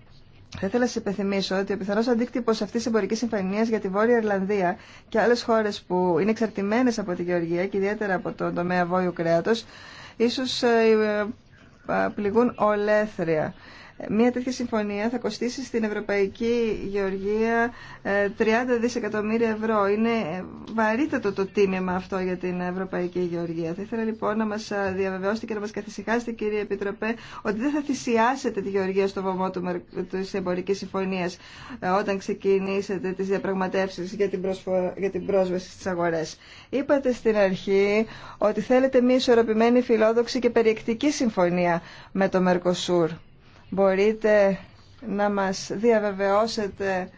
Θα ήθελα να σα υπενθυμίσω ότι ο πιθανό αντίκτυπο αυτή τη εμπορική συμφωνία για τη Βόρεια Ιρλανδία και άλλε χώρε που είναι εξαρτημένε από τη Γεωργία και ιδιαίτερα από τον τομέα βόλου κρέατο, ίσω ε, ε, πληγούν ολέθρια. Μία τέτοια συμφωνία θα κοστίσει στην Ευρωπαϊκή Γεωργία 30 ε, δισεκατομμύρια ευρώ. Είναι βαρύτατο το τίμημα αυτό για την Ευρωπαϊκή Γεωργία. Θα ήθελα λοιπόν να μας ε, διαβεβαιώσετε και να μας καθησυχάσετε κύριε Επιτροπέ ότι δεν θα θυσιάσετε τη Γεωργία στο βωμό του, της εμπορικής συμφωνίας ε, όταν ξεκινήσετε τις διαπραγματεύσεις για την, για την πρόσβαση στις αγορές. Είπατε στην αρχή ότι θέλετε μια ισορροπημένη, φιλόδοξη και περιεκτική συμφωνία με το Μερκοσούρ. Μπορείτε να μας διαβεβαιώσετε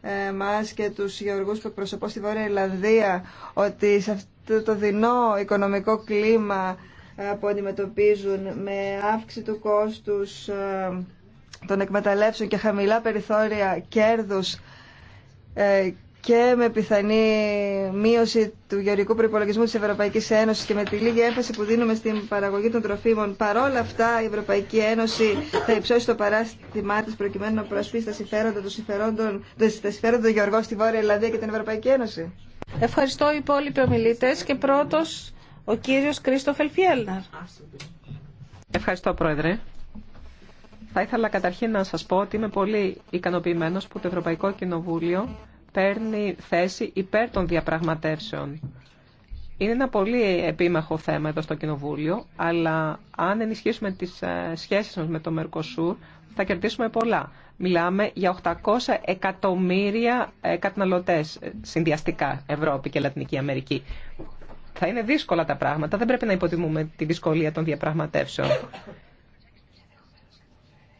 ε, μας και τους γεωργούς που εκπροσωπώ στη Βόρεια Ιρλανδία ότι σε αυτό το δεινό οικονομικό κλίμα ε, που αντιμετωπίζουν με αύξηση του κόστους ε, των εκμεταλλεύσεων και χαμηλά περιθώρια κέρδους και με πιθανή μείωση του γεωργικού προπολογισμού της Ευρωπαϊκής Ένωσης και με τη λίγη έμφαση που δίνουμε στην παραγωγή των τροφίμων. Παρόλα αυτά η Ευρωπαϊκή Ένωση θα υψώσει το παράστημά της προκειμένου να προσπίσει τα συμφέροντα των, συμφερόντων, τα συμφέροντα γεωργών στη Βόρεια Ελλάδα και την Ευρωπαϊκή Ένωση. Ευχαριστώ οι υπόλοιποι ομιλητέ και πρώτος ο κύριος Κρίστοφελ Φιέλναρ. Ευχαριστώ Πρόεδρε. Θα ήθελα καταρχήν να σας πω ότι είμαι πολύ ικανοποιημένος που το Ευρωπαϊκό Κοινοβούλιο παίρνει θέση υπέρ των διαπραγματεύσεων. Είναι ένα πολύ επίμαχο θέμα εδώ στο Κοινοβούλιο, αλλά αν ενισχύσουμε τις ε, σχέσεις μας με το Μερκοσούρ, θα κερδίσουμε πολλά. Μιλάμε για 800 εκατομμύρια ε, καταναλωτές ε, συνδυαστικά Ευρώπη και Λατινική Αμερική. Θα είναι δύσκολα τα πράγματα, δεν πρέπει να υποτιμούμε τη δυσκολία των διαπραγματεύσεων.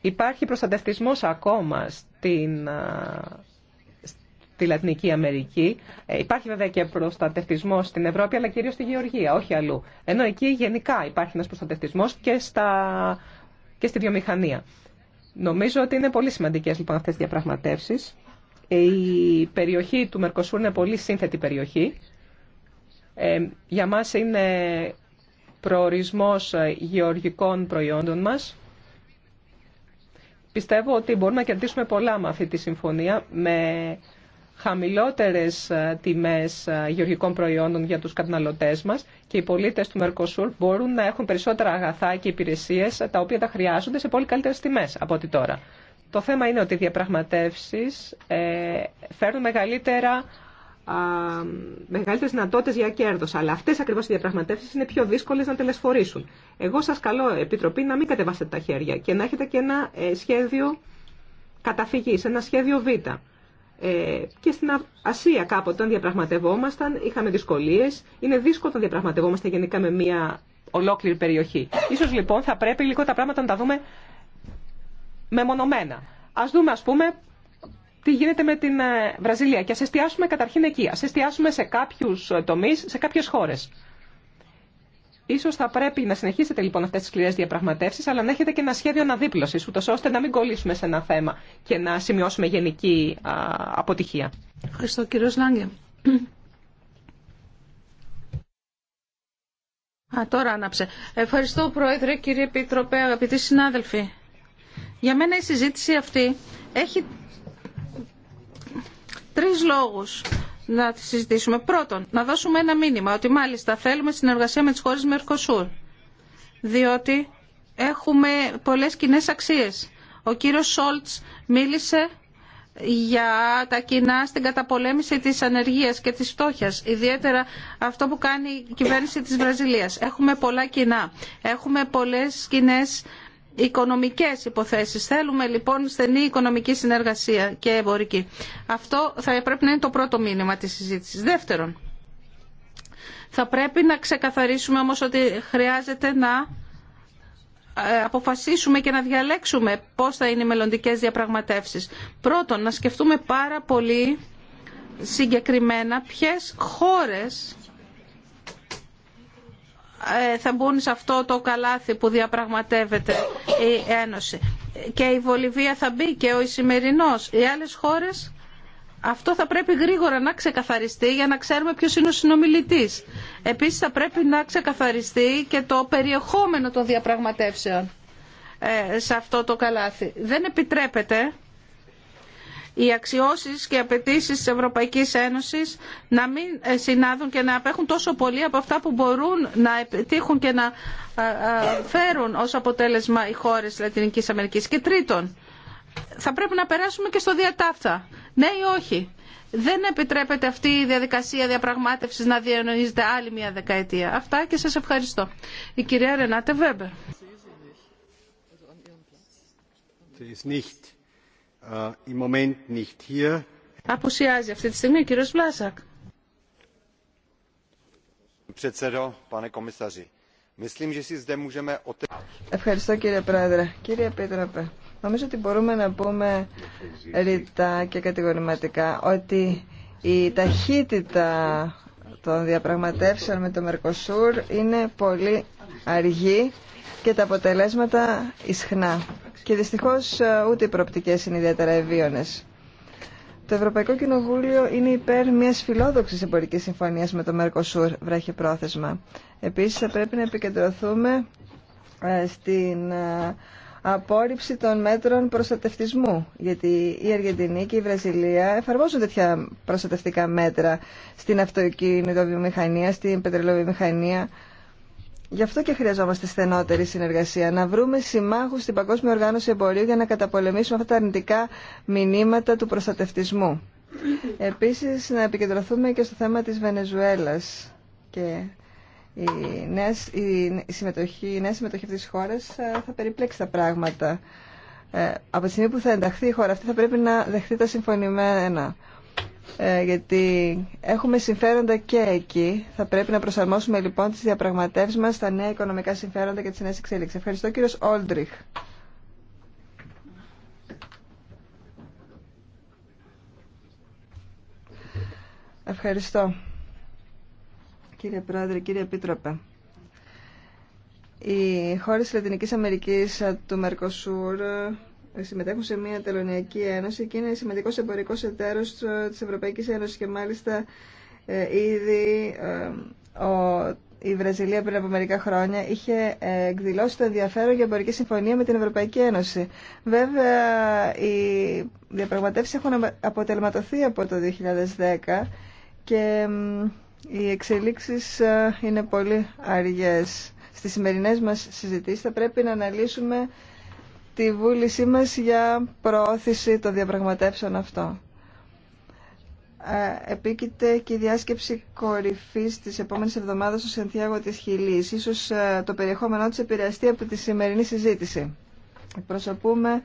Υπάρχει προστατευτισμός ακόμα στην τη Λατινική Αμερική. Ε, υπάρχει βέβαια και προστατευτισμό στην Ευρώπη, αλλά κυρίω στη Γεωργία, όχι αλλού. Ενώ εκεί γενικά υπάρχει ένα προστατευτισμό και, στα... και στη βιομηχανία. Νομίζω ότι είναι πολύ σημαντικέ λοιπόν αυτέ οι διαπραγματεύσει. Ε, η περιοχή του Μερκοσούρ είναι πολύ σύνθετη περιοχή. Ε, για μας είναι προορισμός ε, γεωργικών προϊόντων μας. Πιστεύω ότι μπορούμε να κερδίσουμε πολλά με αυτή τη συμφωνία, με χαμηλότερες ε, τιμές ε, γεωργικών προϊόντων για τους καταναλωτές μας και οι πολίτες του Μερκοσούρ μπορούν να έχουν περισσότερα αγαθά και υπηρεσίες ε, τα οποία τα χρειάζονται σε πολύ καλύτερες τιμές από ό,τι τώρα. Το θέμα είναι ότι οι διαπραγματεύσεις φέρνουν μεγαλύτερα μεγαλύτερε δυνατότητε για κέρδο. Αλλά αυτέ ακριβώ οι διαπραγματεύσει είναι πιο δύσκολε να τελεσφορήσουν. Εγώ σα καλώ, Επιτροπή, να μην κατεβάσετε τα χέρια και να έχετε και ένα σχέδιο καταφυγή, ένα σχέδιο Β. Ε, και στην Ασία κάποτε όταν διαπραγματευόμασταν είχαμε δυσκολίες. Είναι δύσκολο να διαπραγματευόμαστε γενικά με μια ολόκληρη περιοχή. Ίσως λοιπόν θα πρέπει λίγο τα πράγματα να τα δούμε μεμονωμένα. Ας δούμε ας πούμε τι γίνεται με την ε, Βραζιλία και ας εστιάσουμε καταρχήν εκεί. Ας εστιάσουμε σε κάποιους ε, τομείς, σε κάποιες χώρες. Ίσως θα πρέπει να συνεχίσετε λοιπόν αυτέ τι σκληρές διαπραγματεύσεις, αλλά να έχετε και ένα σχέδιο αναδίπλωση, ούτω ώστε να μην κολλήσουμε σε ένα θέμα και να σημειώσουμε γενική αποτυχία. Ευχαριστώ κύριο Λάγκε. Α, τώρα άναψε. Ευχαριστώ Πρόεδρε, κύριε Επίτροπε, αγαπητοί συνάδελφοι. Για μένα η συζήτηση αυτή έχει τρεις λόγους να τη συζητήσουμε. Πρώτον, να δώσουμε ένα μήνυμα ότι μάλιστα θέλουμε συνεργασία με τις χώρες Μερκοσούρ, διότι έχουμε πολλές κοινέ αξίες. Ο κύριος Σόλτς μίλησε για τα κοινά στην καταπολέμηση της ανεργίας και της φτώχειας, ιδιαίτερα αυτό που κάνει η κυβέρνηση της Βραζιλίας. Έχουμε πολλά κοινά, έχουμε πολλές κοινέ οικονομικές υποθέσεις. Θέλουμε λοιπόν στενή οικονομική συνεργασία και εμπορική. Αυτό θα πρέπει να είναι το πρώτο μήνυμα της συζήτησης. Δεύτερον, θα πρέπει να ξεκαθαρίσουμε όμως ότι χρειάζεται να ε, αποφασίσουμε και να διαλέξουμε πώς θα είναι οι μελλοντικές διαπραγματεύσεις. Πρώτον, να σκεφτούμε πάρα πολύ συγκεκριμένα ποιες χώρες ε, θα μπουν σε αυτό το καλάθι που διαπραγματεύεται η Ένωση. Και η Βολιβία θα μπει και ο Ισημερινός. Οι άλλες χώρες αυτό θα πρέπει γρήγορα να ξεκαθαριστεί για να ξέρουμε ποιος είναι ο συνομιλητής. Επίσης θα πρέπει να ξεκαθαριστεί και το περιεχόμενο των διαπραγματεύσεων ε, σε αυτό το καλάθι. Δεν επιτρέπεται οι αξιώσεις και απαιτήσει της Ευρωπαϊκής Ένωσης να μην ε, συνάδουν και να απέχουν τόσο πολύ από αυτά που μπορούν να επιτύχουν και να ε, ε, φέρουν ως αποτέλεσμα οι χώρες Λατινικής Αμερικής. Και τρίτον, θα πρέπει να περάσουμε και στο διατάφτα. Ναι ή όχι. Δεν επιτρέπεται αυτή η διαδικασία διαπραγμάτευσης να διανοίζεται άλλη μια δεκαετία. Αυτά και σας ευχαριστώ. Η κυρία Ρενάτε Βέμπερ. Äh, im αυτή τη στιγμή ο κύριος Βλάσακ. Ευχαριστώ κύριε Πρόεδρε. Κύριε Επίτροπε, νομίζω ότι μπορούμε να πούμε ρητά και κατηγορηματικά ότι η ταχύτητα των διαπραγματεύσεων με το Μερκοσούρ είναι πολύ αργή και τα αποτελέσματα ισχνά και δυστυχώς ε, ούτε οι προοπτικέ είναι ιδιαίτερα ευίωνε. Το Ευρωπαϊκό Κοινοβούλιο είναι υπέρ μια φιλόδοξη εμπορική συμφωνία με το Mercosur, βράχει πρόθεσμα. Επίση, θα πρέπει να επικεντρωθούμε ε, στην ε, απόρριψη των μέτρων προστατευτισμού. Γιατί η Αργεντινή και η Βραζιλία εφαρμόζουν τέτοια προστατευτικά μέτρα στην αυτοκινητοβιομηχανία, στην πετρελόβιομηχανία. Γι' αυτό και χρειαζόμαστε στενότερη συνεργασία. Να βρούμε συμμάχους στην Παγκόσμια Οργάνωση Εμπορίου για να καταπολεμήσουμε αυτά τα αρνητικά μηνύματα του προστατευτισμού. Επίσης, να επικεντρωθούμε και στο θέμα της Βενεζουέλας και η νέα, η συμμετοχή, η νέα συμμετοχή αυτής της χώρας ε, θα περιπλέξει τα πράγματα. Ε, από τη στιγμή που θα ενταχθεί η χώρα αυτή θα πρέπει να δεχτεί τα συμφωνημένα ε, γιατί έχουμε συμφέροντα και εκεί. Θα πρέπει να προσαρμόσουμε λοιπόν τι διαπραγματεύσει μα στα νέα οικονομικά συμφέροντα και τις νέες εξέλιξεις. Ευχαριστώ κύριος Όλτριχ. Ευχαριστώ. Κύριε Πρόεδρε, κύριε Επίτροπε. Οι χώρες της Λατινικής Αμερικής ε, του Μερκοσούρ συμμετέχουν σε μια τελωνιακή ένωση και είναι σημαντικό εμπορικό εταίρο τη Ευρωπαϊκή Ένωση και μάλιστα ε, ήδη ε, η Βραζιλία πριν από μερικά χρόνια είχε ε, εκδηλώσει το ενδιαφέρον για εμπορική συμφωνία με την Ευρωπαϊκή Ένωση. Βέβαια, οι διαπραγματεύσεις έχουν αποτελματωθεί από το 2010 και οι εξελίξεις είναι πολύ αργέ. Στι σημερινέ μα συζητήσει, θα πρέπει να αναλύσουμε τη βούλησή μας για προώθηση των διαπραγματεύσεων αυτό. Ε, επίκειται και η διάσκεψη κορυφής της επόμενης εβδομάδας στο Σεντιάγο της Χιλής. Ίσως ε, το περιεχόμενό της επηρεαστεί από τη σημερινή συζήτηση. Εκπροσωπούμε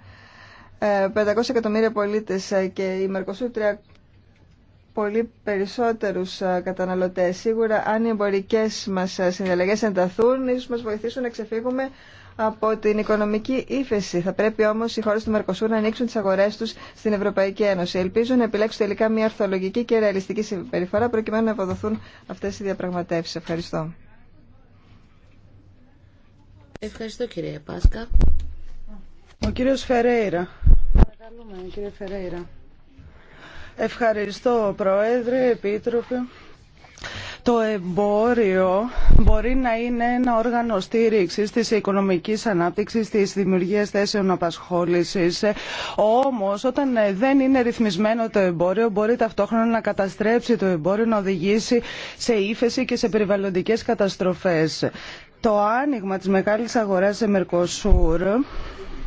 500 ε, εκατομμύρια πολίτες και η Μερκοσούρ πολύ περισσότερους καταναλωτές. Σίγουρα αν οι εμπορικές μας συνδιαλλαγές ενταθούν, ίσως μας βοηθήσουν να ξεφύγουμε από την οικονομική ύφεση. Θα πρέπει όμω οι χώρε του Μερκοσούρ να ανοίξουν τι αγορέ του στην Ευρωπαϊκή Ένωση. Ελπίζω να επιλέξουν τελικά μια αρθολογική και ρεαλιστική συμπεριφορά προκειμένου να ευοδοθούν αυτέ οι διαπραγματεύσει. Ευχαριστώ. Ευχαριστώ κύριε Πάσκα. Ο κύριος Φερέιρα. Φερέιρα. Ευχαριστώ Πρόεδρε, Επίτροπε. Το εμπόριο μπορεί να είναι ένα όργανο στήριξη τη οικονομική ανάπτυξη, τη δημιουργία θέσεων απασχόληση. Όμω, όταν δεν είναι ρυθμισμένο το εμπόριο, μπορεί ταυτόχρονα να καταστρέψει το εμπόριο, να οδηγήσει σε ύφεση και σε περιβαλλοντικέ καταστροφέ. Το άνοιγμα της μεγάλης αγοράς σε Μερκοσούρ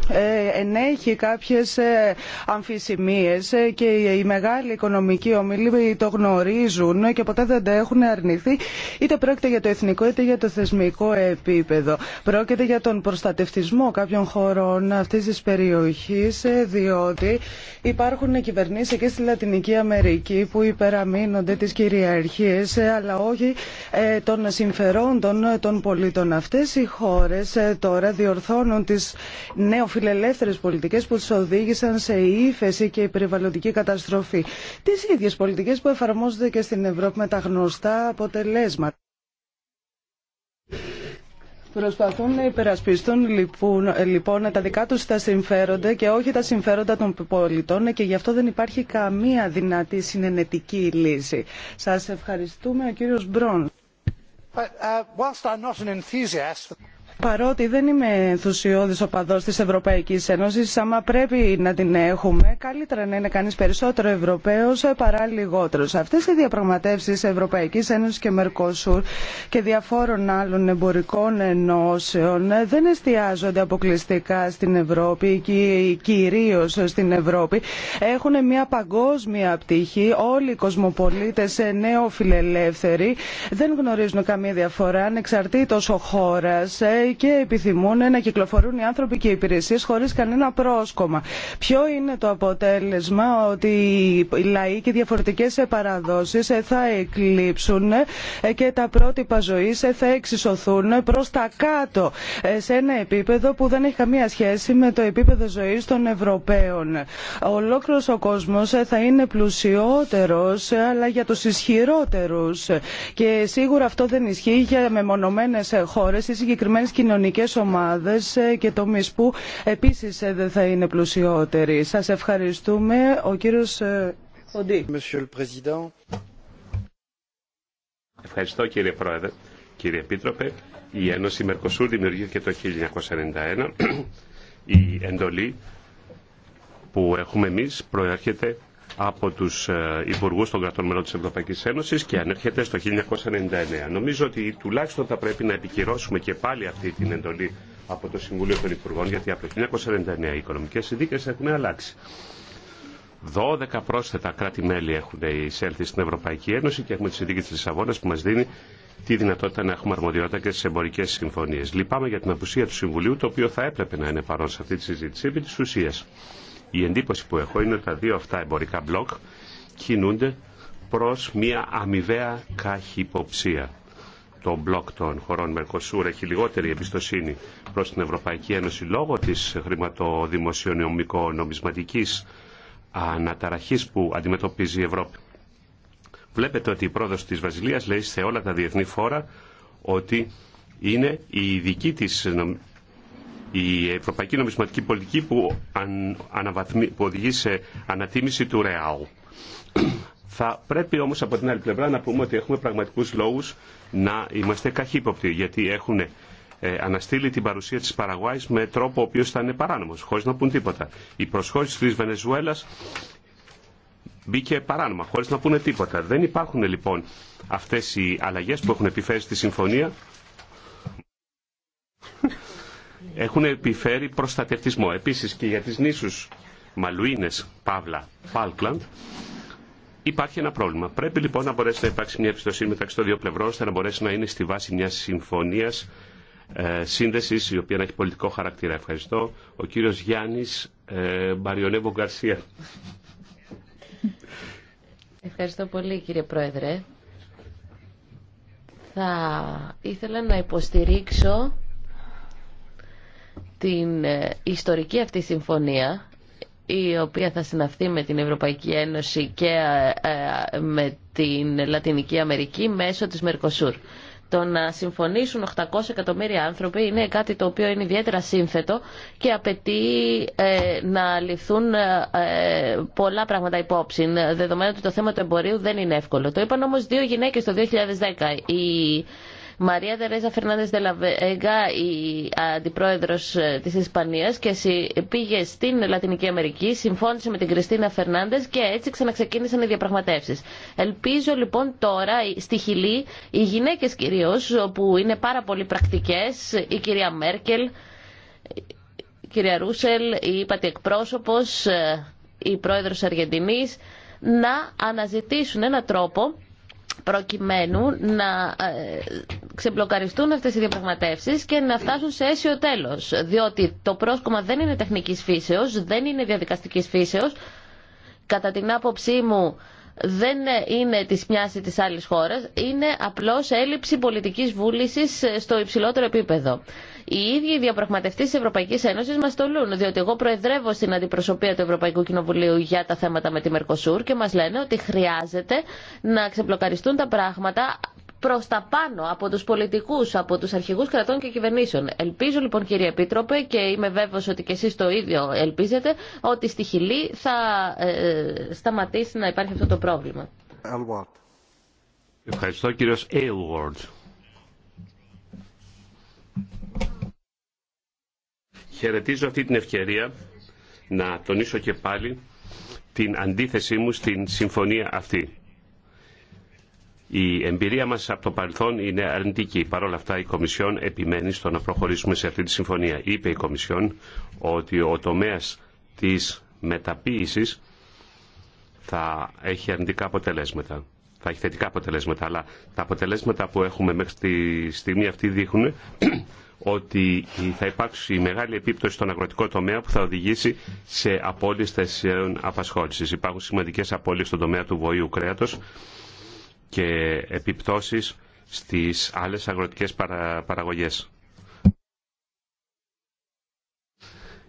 ε, ενέχει κάποιες ε, αμφισημίες ε, και οι μεγάλοι οικονομικοί ομιλοί το γνωρίζουν και ποτέ δεν τα έχουν αρνηθεί είτε πρόκειται για το εθνικό είτε για το θεσμικό επίπεδο. Πρόκειται για τον προστατευτισμό κάποιων χωρών αυτής της περιοχής διότι υπάρχουν κυβερνήσεις και στη Λατινική Αμερική που υπεραμείνονται τις κυριαρχίες αλλά όχι των συμφερόντων των πολίτων. Αυτές οι χώρες τώρα διορθώνουν τις νέο φιλελεύθερες πολιτικές που τις οδήγησαν σε ύφεση και περιβαλλοντική καταστροφή. Τις ίδιες πολιτικές που εφαρμόζονται και στην Ευρώπη με τα γνωστά αποτελέσματα. Προσπαθούν να υπερασπιστούν λοιπόν, λοιπόν τα δικά τους τα συμφέροντα και όχι τα συμφέροντα των πολιτών και γι' αυτό δεν υπάρχει καμία δυνατή συνενετική λύση. Σας ευχαριστούμε ο κύριος Μπρόν. Uh, Παρότι δεν είμαι ενθουσιώδης οπαδός της Ευρωπαϊκής Ένωσης, άμα πρέπει να την έχουμε, καλύτερα να είναι κανείς περισσότερο Ευρωπαίος παρά λιγότερος. Αυτές οι διαπραγματεύσεις Ευρωπαϊκής Ένωσης και Μερκοσούρ και διαφόρων άλλων εμπορικών ενώσεων δεν εστιάζονται αποκλειστικά στην Ευρώπη και κυρίως στην Ευρώπη. Έχουν μια παγκόσμια πτυχή, όλοι οι κοσμοπολίτες νέοφιλελεύθεροι δεν γνωρίζουν καμία διαφορά ανεξαρτήτως ο χώρας και επιθυμούν να κυκλοφορούν οι άνθρωποι και οι υπηρεσίε χωρί κανένα πρόσκομα. Ποιο είναι το αποτέλεσμα ότι οι λαοί και διαφορετικέ παραδόσει θα εκλείψουν και τα πρότυπα ζωή θα εξισωθούν προ τα κάτω σε ένα επίπεδο που δεν έχει καμία σχέση με το επίπεδο ζωή των Ευρωπαίων. Ολόκληρο ο κόσμο θα είναι πλουσιότερο αλλά για του ισχυρότερου και σίγουρα αυτό δεν ισχύει για μεμονωμένε χώρε ή συγκεκριμένε κοινωνικές ομάδες ε, και τομείς που επίσης ε, δεν θα είναι πλουσιότεροι. Σας ευχαριστούμε. Ο κύριος ε, Οντί. Ευχαριστώ κύριε Πρόεδρε. Κύριε Επίτροπε, η Ένωση Μερκοσούρ δημιουργήθηκε το 1991. η εντολή που έχουμε εμείς προέρχεται από του ε, υπουργού των κρατών μελών τη Ευρωπαϊκή Ένωση και ανέρχεται στο 1999. Νομίζω ότι τουλάχιστον θα πρέπει να επικυρώσουμε και πάλι αυτή την εντολή από το Συμβούλιο των Υπουργών, γιατί από το 1999 οι οικονομικέ συνθήκε έχουν αλλάξει. 12 πρόσθετα κράτη-μέλη έχουν εισέλθει στην Ευρωπαϊκή Ένωση και έχουμε τη συνθήκη τη Λισαβόνα που μα δίνει τη δυνατότητα να έχουμε αρμοδιότητα και στι εμπορικέ συμφωνίε. Λυπάμαι για την απουσία του Συμβουλίου, το οποίο θα έπρεπε να είναι παρόν σε αυτή τη συζήτηση επί τη ουσία. Η εντύπωση που έχω είναι ότι τα δύο αυτά εμπορικά μπλοκ κινούνται προς μια αμοιβαία καχυποψία. Το μπλοκ των χωρών Μερκοσούρ έχει λιγότερη εμπιστοσύνη προς την Ευρωπαϊκή Ένωση λόγω της χρηματοδημοσιονομικο-νομισματικής αναταραχής που αντιμετωπίζει η Ευρώπη. Βλέπετε ότι η πρόοδος της Βασιλείας λέει σε όλα τα διεθνή φόρα ότι είναι η δική της η Ευρωπαϊκή Νομισματική Πολιτική που, αναβαθμί, οδηγεί σε ανατίμηση του ΡΕΑΟ. Θα πρέπει όμως από την άλλη πλευρά να πούμε ότι έχουμε πραγματικούς λόγους να είμαστε καχύποπτοι, γιατί έχουν ε, αναστείλει την παρουσία της Παραγουάης με τρόπο ο οποίος θα είναι παράνομος, χωρίς να πούν τίποτα. Η προσχώρηση της Βενεζουέλας μπήκε παράνομα, χωρίς να πούνε τίποτα. Δεν υπάρχουν λοιπόν αυτές οι αλλαγές που έχουν επιφέρει στη συμφωνία έχουν επιφέρει προστατευτισμό. Επίσης και για τις νήσους Μαλουίνες, Παύλα, Φάλκλαντ, υπάρχει ένα πρόβλημα. Πρέπει λοιπόν να μπορέσει να υπάρξει μια εμπιστοσύνη μεταξύ των δύο πλευρών, ώστε να μπορέσει να είναι στη βάση μια συμφωνίας ε, σύνδεσης, η οποία να έχει πολιτικό χαρακτήρα. Ευχαριστώ. Ο κύριο Γιάννη ε, Γκαρσία. Ευχαριστώ πολύ κύριε Πρόεδρε. Θα ήθελα να υποστηρίξω την ε, ιστορική αυτή συμφωνία η οποία θα συναυθεί με την Ευρωπαϊκή Ένωση και ε, ε, με την Λατινική Αμερική μέσω της Μερκοσούρ. Το να συμφωνήσουν 800 εκατομμύρια άνθρωποι είναι κάτι το οποίο είναι ιδιαίτερα σύνθετο και απαιτεί να ληφθούν πολλά πράγματα υπόψη, δεδομένου ότι το θέμα του εμπορίου δεν είναι εύκολο. Το είπαν όμως δύο γυναίκες το 2010. Η Μαρία Τερέζα Φερνάνδες Δελαβέγκα, η αντιπρόεδρο ε, τη Ισπανία, και πήγε στην Λατινική Αμερική, συμφώνησε με την Κριστίνα Φερνάντε και έτσι ξαναξεκίνησαν οι διαπραγματεύσει. Ελπίζω λοιπόν τώρα στη Χιλή οι γυναίκε κυρίω όπου είναι πάρα πολύ πρακτικέ, η κυρία Μέρκελ, η κυρία Ρούσελ, η είπατη Εκπρόσωπο, ε, η πρόεδρο Αργεντινή, να αναζητήσουν έναν τρόπο προκειμένου να ε, ξεμπλοκαριστούν αυτές οι διαπραγματεύσεις και να φτάσουν σε αίσιο τέλος. Διότι το πρόσκομα δεν είναι τεχνικής φύσεως, δεν είναι διαδικαστικής φύσεως. Κατά την άποψή μου δεν είναι τη μιας ή της άλλης χώρας, είναι απλώς έλλειψη πολιτικής βούλησης στο υψηλότερο επίπεδο. Οι ίδιοι οι διαπραγματευτέ τη Ευρωπαϊκή Ένωση μα τολούν, διότι εγώ προεδρεύω στην αντιπροσωπεία του Ευρωπαϊκού Κοινοβουλίου για τα θέματα με τη Μερκοσούρ και μα λένε ότι χρειάζεται να ξεπλοκαριστούν τα πράγματα Προ τα πάνω από τους πολιτικούς, από τους αρχηγούς κρατών και κυβερνήσεων. Ελπίζω λοιπόν κύριε Επίτροπε και είμαι βέβαιο ότι και εσείς το ίδιο ελπίζετε ότι στη Χιλή θα ε, σταματήσει να υπάρχει αυτό το πρόβλημα. Ευχαριστώ κύριος Aylward. Χαιρετίζω αυτή την ευκαιρία να τονίσω και πάλι την αντίθεσή μου στην συμφωνία αυτή. Η εμπειρία μας από το παρελθόν είναι αρνητική. Παρ' όλα αυτά η Κομισιόν επιμένει στο να προχωρήσουμε σε αυτή τη συμφωνία. Είπε η Κομισιόν ότι ο τομέας της μεταποίησης θα έχει αρνητικά αποτελέσματα. Θα έχει θετικά αποτελέσματα, αλλά τα αποτελέσματα που έχουμε μέχρι τη στιγμή αυτή δείχνουν ότι θα υπάρξει μεγάλη επίπτωση στον αγροτικό τομέα που θα οδηγήσει σε απόλυτες θέσεων απασχόλησης. Υπάρχουν σημαντικές απώλειες στον τομέα του βοήου κρέατος και επιπτώσεις στις άλλες αγροτικές παραγωγές.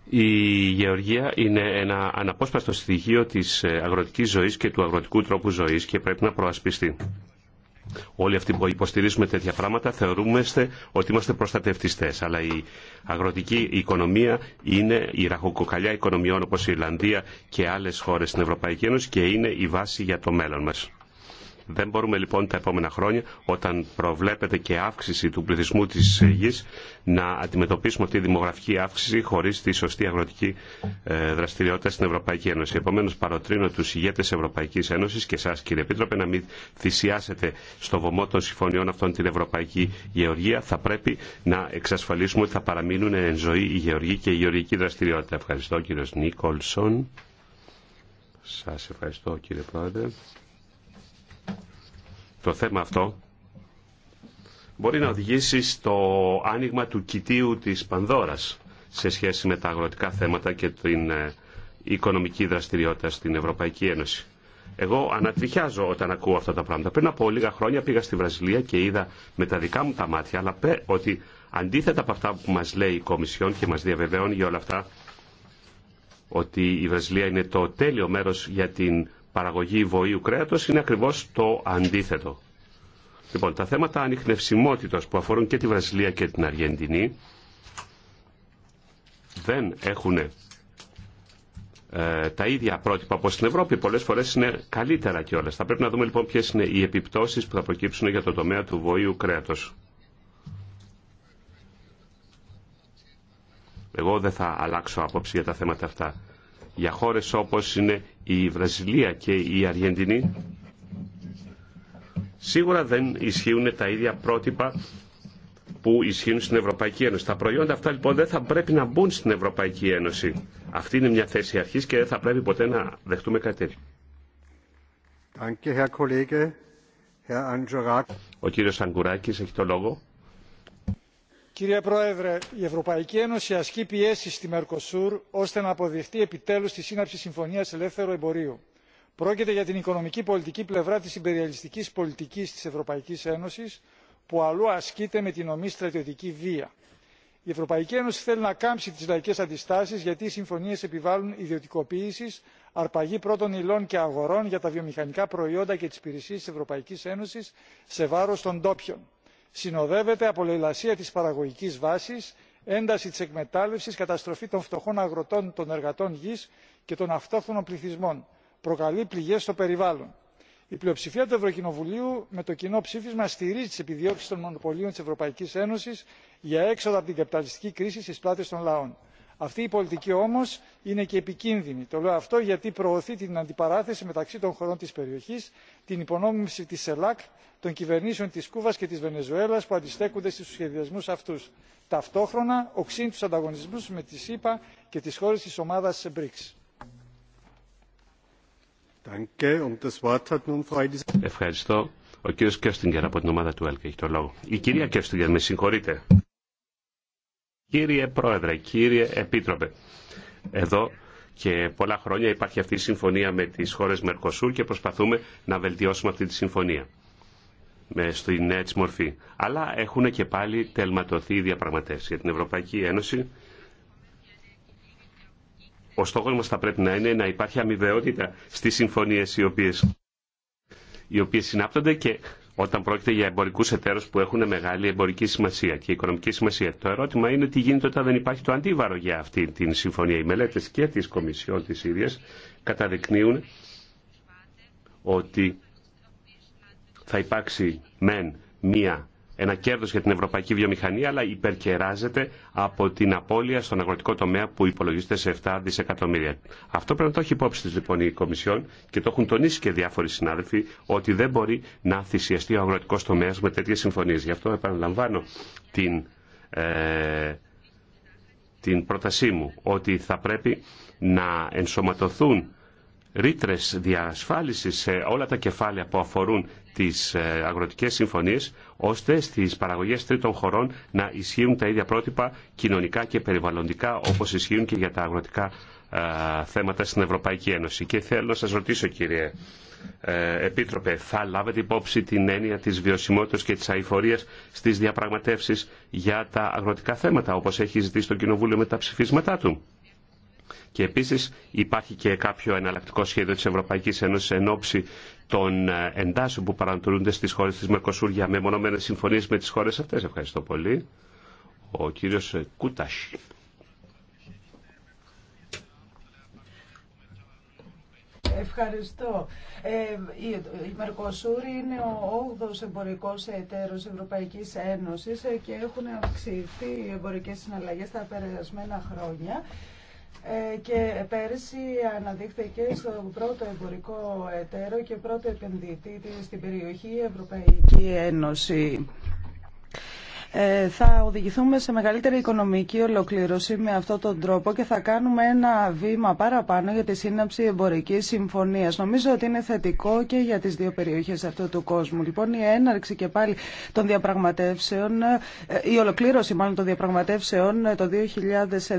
Η γεωργία είναι ένα αναπόσπαστο στοιχείο της αγροτικής ζωής και του αγροτικού τρόπου ζωής και πρέπει να προασπιστεί. Όλοι αυτοί που υποστηρίζουμε τέτοια πράγματα θεωρούμε ότι είμαστε προστατευτιστές, αλλά η αγροτική οικονομία είναι η ραχοκοκαλιά οικονομιών όπως η Ιρλανδία και άλλες χώρες στην Ευρωπαϊκή Ένωση και είναι η βάση για το μέλλον μας. Δεν μπορούμε λοιπόν τα επόμενα χρόνια, όταν προβλέπεται και αύξηση του πληθυσμού τη γη, να αντιμετωπίσουμε αυτή τη δημογραφική αύξηση χωρί τη σωστή αγροτική ε, δραστηριότητα στην Ευρωπαϊκή Ένωση. Επομένω, παροτρύνω του ηγέτε Ευρωπαϊκή Ένωση και εσά, κύριε Επίτροπε, να μην θυσιάσετε στο βωμό των συμφωνιών αυτών την Ευρωπαϊκή Γεωργία. Θα πρέπει να εξασφαλίσουμε ότι θα παραμείνουν εν ζωή η γεωργή και η γεωργική δραστηριότητα. Ευχαριστώ, κύριο Νίκολσον. Σας ευχαριστώ κύριε Πρόεδρε το θέμα αυτό μπορεί να οδηγήσει στο άνοιγμα του κοιτίου της Πανδώρας σε σχέση με τα αγροτικά θέματα και την ε, οικονομική δραστηριότητα στην Ευρωπαϊκή Ένωση. Εγώ ανατριχιάζω όταν ακούω αυτά τα πράγματα. Πριν από λίγα χρόνια πήγα στη Βραζιλία και είδα με τα δικά μου τα μάτια αλλά πέ, ότι αντίθετα από αυτά που μας λέει η Κομισιόν και μας διαβεβαιώνει για όλα αυτά ότι η Βραζιλία είναι το τέλειο μέρος για την παραγωγή βοήου κρέατος είναι ακριβώς το αντίθετο. Λοιπόν, τα θέματα ανιχνευσιμότητας που αφορούν και τη Βραζιλία και την Αργεντινή δεν έχουν ε, τα ίδια πρότυπα όπως στην Ευρώπη. Πολλές φορές είναι καλύτερα κιόλα. Θα πρέπει να δούμε λοιπόν ποιες είναι οι επιπτώσεις που θα προκύψουν για το τομέα του βοήου κρέατος. Εγώ δεν θα αλλάξω άποψη για τα θέματα αυτά για χώρες όπως είναι η Βραζιλία και η Αργεντινή σίγουρα δεν ισχύουν τα ίδια πρότυπα που ισχύουν στην Ευρωπαϊκή Ένωση. Τα προϊόντα αυτά λοιπόν δεν θα πρέπει να μπουν στην Ευρωπαϊκή Ένωση. Αυτή είναι μια θέση αρχής και δεν θα πρέπει ποτέ να δεχτούμε κάτι τέτοιο. Ο κύριος Αγκουράκης έχει το λόγο. Κύριε Πρόεδρε, η Ευρωπαϊκή Ένωση ασκεί πιέσει στη Μερκοσούρ ώστε να αποδειχτεί επιτέλου τη σύναψη Συμφωνία Ελεύθερου Εμπορίου. Πρόκειται για την οικονομική πολιτική πλευρά τη υπεριαλιστική πολιτική τη Ευρωπαϊκή Ένωση, που αλλού ασκείται με την ομή στρατιωτική βία. Η Ευρωπαϊκή Ένωση θέλει να κάμψει τι λαϊκέ αντιστάσει, γιατί οι συμφωνίε επιβάλλουν ιδιωτικοποίηση, αρπαγή πρώτων υλών και αγορών για τα βιομηχανικά προϊόντα και τι υπηρεσίε τη Ευρωπαϊκή Ένωση σε βάρο των ντόπιων συνοδεύεται από λαιλασία της παραγωγικής βάσης ένταση της εκμετάλλευσης καταστροφή των φτωχών αγροτών των εργατών γης και των αυτόχθονων πληθυσμών. προκαλεί πληγές στο περιβάλλον. η πλειοψηφία του ευρωκοινοβουλίου με το κοινό ψήφισμα στηρίζει τις επιδιώξεις των μονοπωλίων της ευρωπαϊκής ένωσης για έξοδο από την καπιταλιστική κρίση στις πλάτες των λαών αυτή η πολιτική όμως είναι και επικίνδυνη. το λέω αυτό γιατί προωθεί την αντιπαράθεση μεταξύ των χωρών της περιοχής την υπονόμευση της ελάκ των κυβερνήσεων της κούβας και της βενεζουέλας που αντιστέκονται στους σχεδιασμούς αυτούς. ταυτόχρονα οξύνει τους ανταγωνισμούς με τη ΣΥΠΑ και τις χώρες της ομάδας brics. ομάδα του ΕΛΚ Η κυρία Κέστιγκερ, με συγχωρείτε. Κύριε Πρόεδρε, κύριε Επίτροπε, εδώ και πολλά χρόνια υπάρχει αυτή η συμφωνία με τις χώρες Μερκοσούρ και προσπαθούμε να βελτιώσουμε αυτή τη συμφωνία με στην νέα της μορφή. Αλλά έχουν και πάλι τελματωθεί οι διαπραγματεύσεις για την Ευρωπαϊκή Ένωση. Ο στόχος μας θα πρέπει να είναι να υπάρχει αμοιβαιότητα στις συμφωνίες οι οποίες, οι οποίες συνάπτονται και όταν πρόκειται για εμπορικού εταίρου που έχουν μεγάλη εμπορική σημασία και οικονομική σημασία. Το ερώτημα είναι τι γίνεται όταν δεν υπάρχει το αντίβαρο για αυτή την συμφωνία. Οι μελέτε και τη Κομισιόν τη ίδια καταδεικνύουν ότι θα υπάρξει μεν μία ένα κέρδος για την ευρωπαϊκή βιομηχανία, αλλά υπερκεράζεται από την απώλεια στον αγροτικό τομέα που υπολογίζεται σε 7 δισεκατομμύρια. Αυτό πρέπει να το έχει υπόψη της λοιπόν η Κομισιόν και το έχουν τονίσει και διάφοροι συνάδελφοι ότι δεν μπορεί να θυσιαστεί ο αγροτικός τομέας με τέτοιες συμφωνίες. Γι' αυτό επαναλαμβάνω την, ε, την πρότασή μου ότι θα πρέπει να ενσωματωθούν ρήτρε διασφάλιση σε όλα τα κεφάλαια που αφορούν τι ε, αγροτικέ συμφωνίε, ώστε στι παραγωγέ τρίτων χωρών να ισχύουν τα ίδια πρότυπα κοινωνικά και περιβαλλοντικά όπω ισχύουν και για τα αγροτικά ε, θέματα στην Ευρωπαϊκή Ένωση. Και θέλω να σα ρωτήσω, κύριε ε, Επίτροπε, θα λάβετε υπόψη την έννοια τη βιωσιμότητα και τη αηφορία στι διαπραγματεύσει για τα αγροτικά θέματα, όπω έχει ζητήσει το Κοινοβούλιο με τα ψηφίσματά του. Και επίσης υπάρχει και κάποιο εναλλακτικό σχέδιο τη Ευρωπαϊκή Ένωση εν ώψη των ε, εντάσσεων που παρατηρούνται στις χώρες της Μερκοσούρ για μεμονωμένες συμφωνίε με τις χώρες αυτές. Ευχαριστώ πολύ. Ο κύριος ε, Κούτας. Ευχαριστώ. Ε, η Μερκοσούρη είναι ο 8ος εμπορικός εταίρος Ευρωπαϊκής Ένωσης και έχουν αυξηθεί οι εμπορικές συναλλαγές τα περασμένα χρόνια. Ε, και πέρσι αναδείχθηκε στο πρώτο εμπορικό εταίρο και πρώτο επενδυτή στην περιοχή Ευρωπαϊκή Ένωση. Ε, θα οδηγηθούμε σε μεγαλύτερη οικονομική ολοκλήρωση με αυτόν τον τρόπο και θα κάνουμε ένα βήμα παραπάνω για τη σύναψη εμπορική συμφωνία. Νομίζω ότι είναι θετικό και για τι δύο περιοχέ αυτού του κόσμου. Λοιπόν, η έναρξη και πάλι των διαπραγματεύσεων, ε, η ολοκλήρωση μάλλον των διαπραγματεύσεων ε, το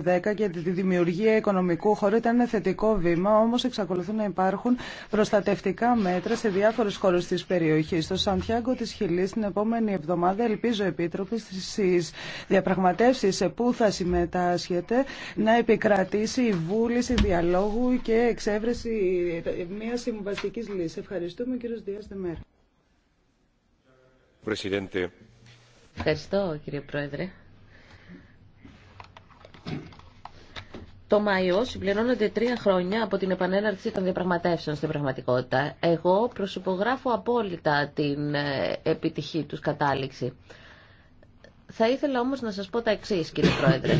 2010 και τη δημιουργία οικονομικού χώρου ήταν θετικό βήμα, όμω εξακολουθούν να υπάρχουν προστατευτικά μέτρα σε διάφορου χώρε τη περιοχή. Στο Σαντιάγκο τη Χιλή την επόμενη εβδομάδα, ελπίζω, Επίτροπη, στις διαπραγματεύσεις που θα συμμετάσχετε να επικρατήσει η βούληση διαλόγου και εξέβρεση μιας συμβαστική λύσης. Ευχαριστούμε κύριος Δίας Δεμέρ. Ευχαριστώ κύριε Πρόεδρε. Το Μάιο συμπληρώνονται τρία χρόνια από την επανέναρξη των διαπραγματεύσεων στην πραγματικότητα. Εγώ προσυπογράφω απόλυτα την ε, επιτυχή τους κατάληξη. Θα ήθελα όμως να σας πω τα εξή, κύριε Πρόεδρε.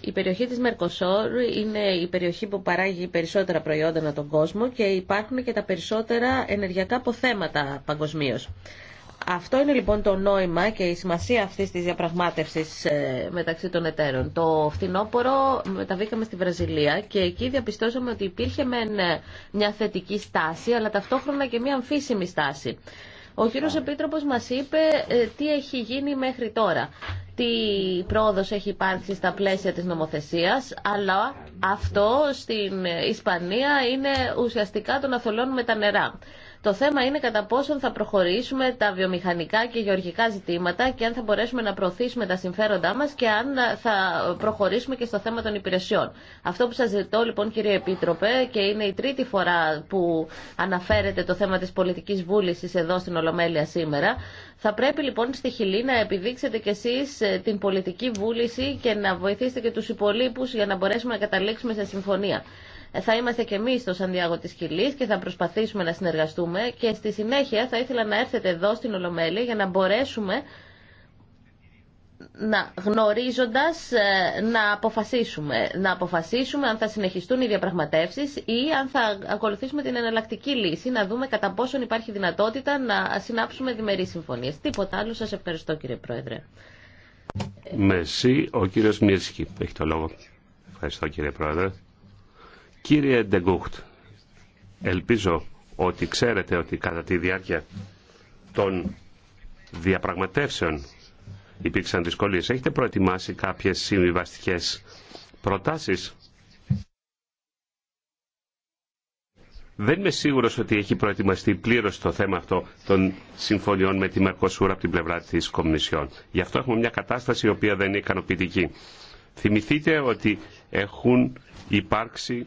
Η περιοχή της Μερκοσόρ είναι η περιοχή που παράγει περισσότερα προϊόντα με τον κόσμο και υπάρχουν και τα περισσότερα ενεργειακά αποθέματα παγκοσμίω. Αυτό είναι λοιπόν το νόημα και η σημασία αυτής της διαπραγμάτευσης ε, μεταξύ των εταίρων. Το φθινόπωρο μεταβήκαμε στη Βραζιλία και εκεί διαπιστώσαμε ότι υπήρχε μεν μια θετική στάση αλλά ταυτόχρονα και μια αμφίσιμη στάση. Ο κύριος Επίτροπος μας είπε ε, τι έχει γίνει μέχρι τώρα. Τι πρόοδος έχει υπάρξει στα πλαίσια της νομοθεσίας, αλλά αυτό στην Ισπανία είναι ουσιαστικά το να θολώνουμε τα νερά. Το θέμα είναι κατά πόσον θα προχωρήσουμε τα βιομηχανικά και γεωργικά ζητήματα και αν θα μπορέσουμε να προωθήσουμε τα συμφέροντά μα και αν θα προχωρήσουμε και στο θέμα των υπηρεσιών. Αυτό που σα ζητώ λοιπόν κύριε Επίτροπε και είναι η τρίτη φορά που αναφέρεται το θέμα τη πολιτική βούληση εδώ στην Ολομέλεια σήμερα. Θα πρέπει λοιπόν στη Χιλή να επιδείξετε κι εσείς ε, την πολιτική βούληση και να βοηθήσετε και του υπολείπους για να μπορέσουμε να καταλήξουμε σε συμφωνία θα είμαστε και εμείς στο Σαντιάγο της Κυλή και θα προσπαθήσουμε να συνεργαστούμε και στη συνέχεια θα ήθελα να έρθετε εδώ στην Ολομέλη για να μπορέσουμε να γνωρίζοντας ε, να αποφασίσουμε. Να αποφασίσουμε αν θα συνεχιστούν οι διαπραγματεύσεις ή αν θα ακολουθήσουμε την εναλλακτική λύση, να δούμε κατά πόσον υπάρχει δυνατότητα να συνάψουμε διμερεί συμφωνίες. Τίποτα άλλο. Σας ευχαριστώ κύριε Πρόεδρε. Μεσή, ο κύριος Μίρσκι έχει το λόγο. Ευχαριστώ κύριε Πρόεδρε. Κύριε Ντεγκούχτ, ελπίζω ότι ξέρετε ότι κατά τη διάρκεια των διαπραγματεύσεων υπήρξαν δυσκολίες. Έχετε προετοιμάσει κάποιες συμβιβαστικέ προτάσεις. Δεν είμαι σίγουρος ότι έχει προετοιμαστεί πλήρως το θέμα αυτό των συμφωνιών με τη Μερκοσούρα από την πλευρά της Κομισιόν. Γι' αυτό έχουμε μια κατάσταση η οποία δεν είναι ικανοποιητική. Θυμηθείτε ότι έχουν υπάρξει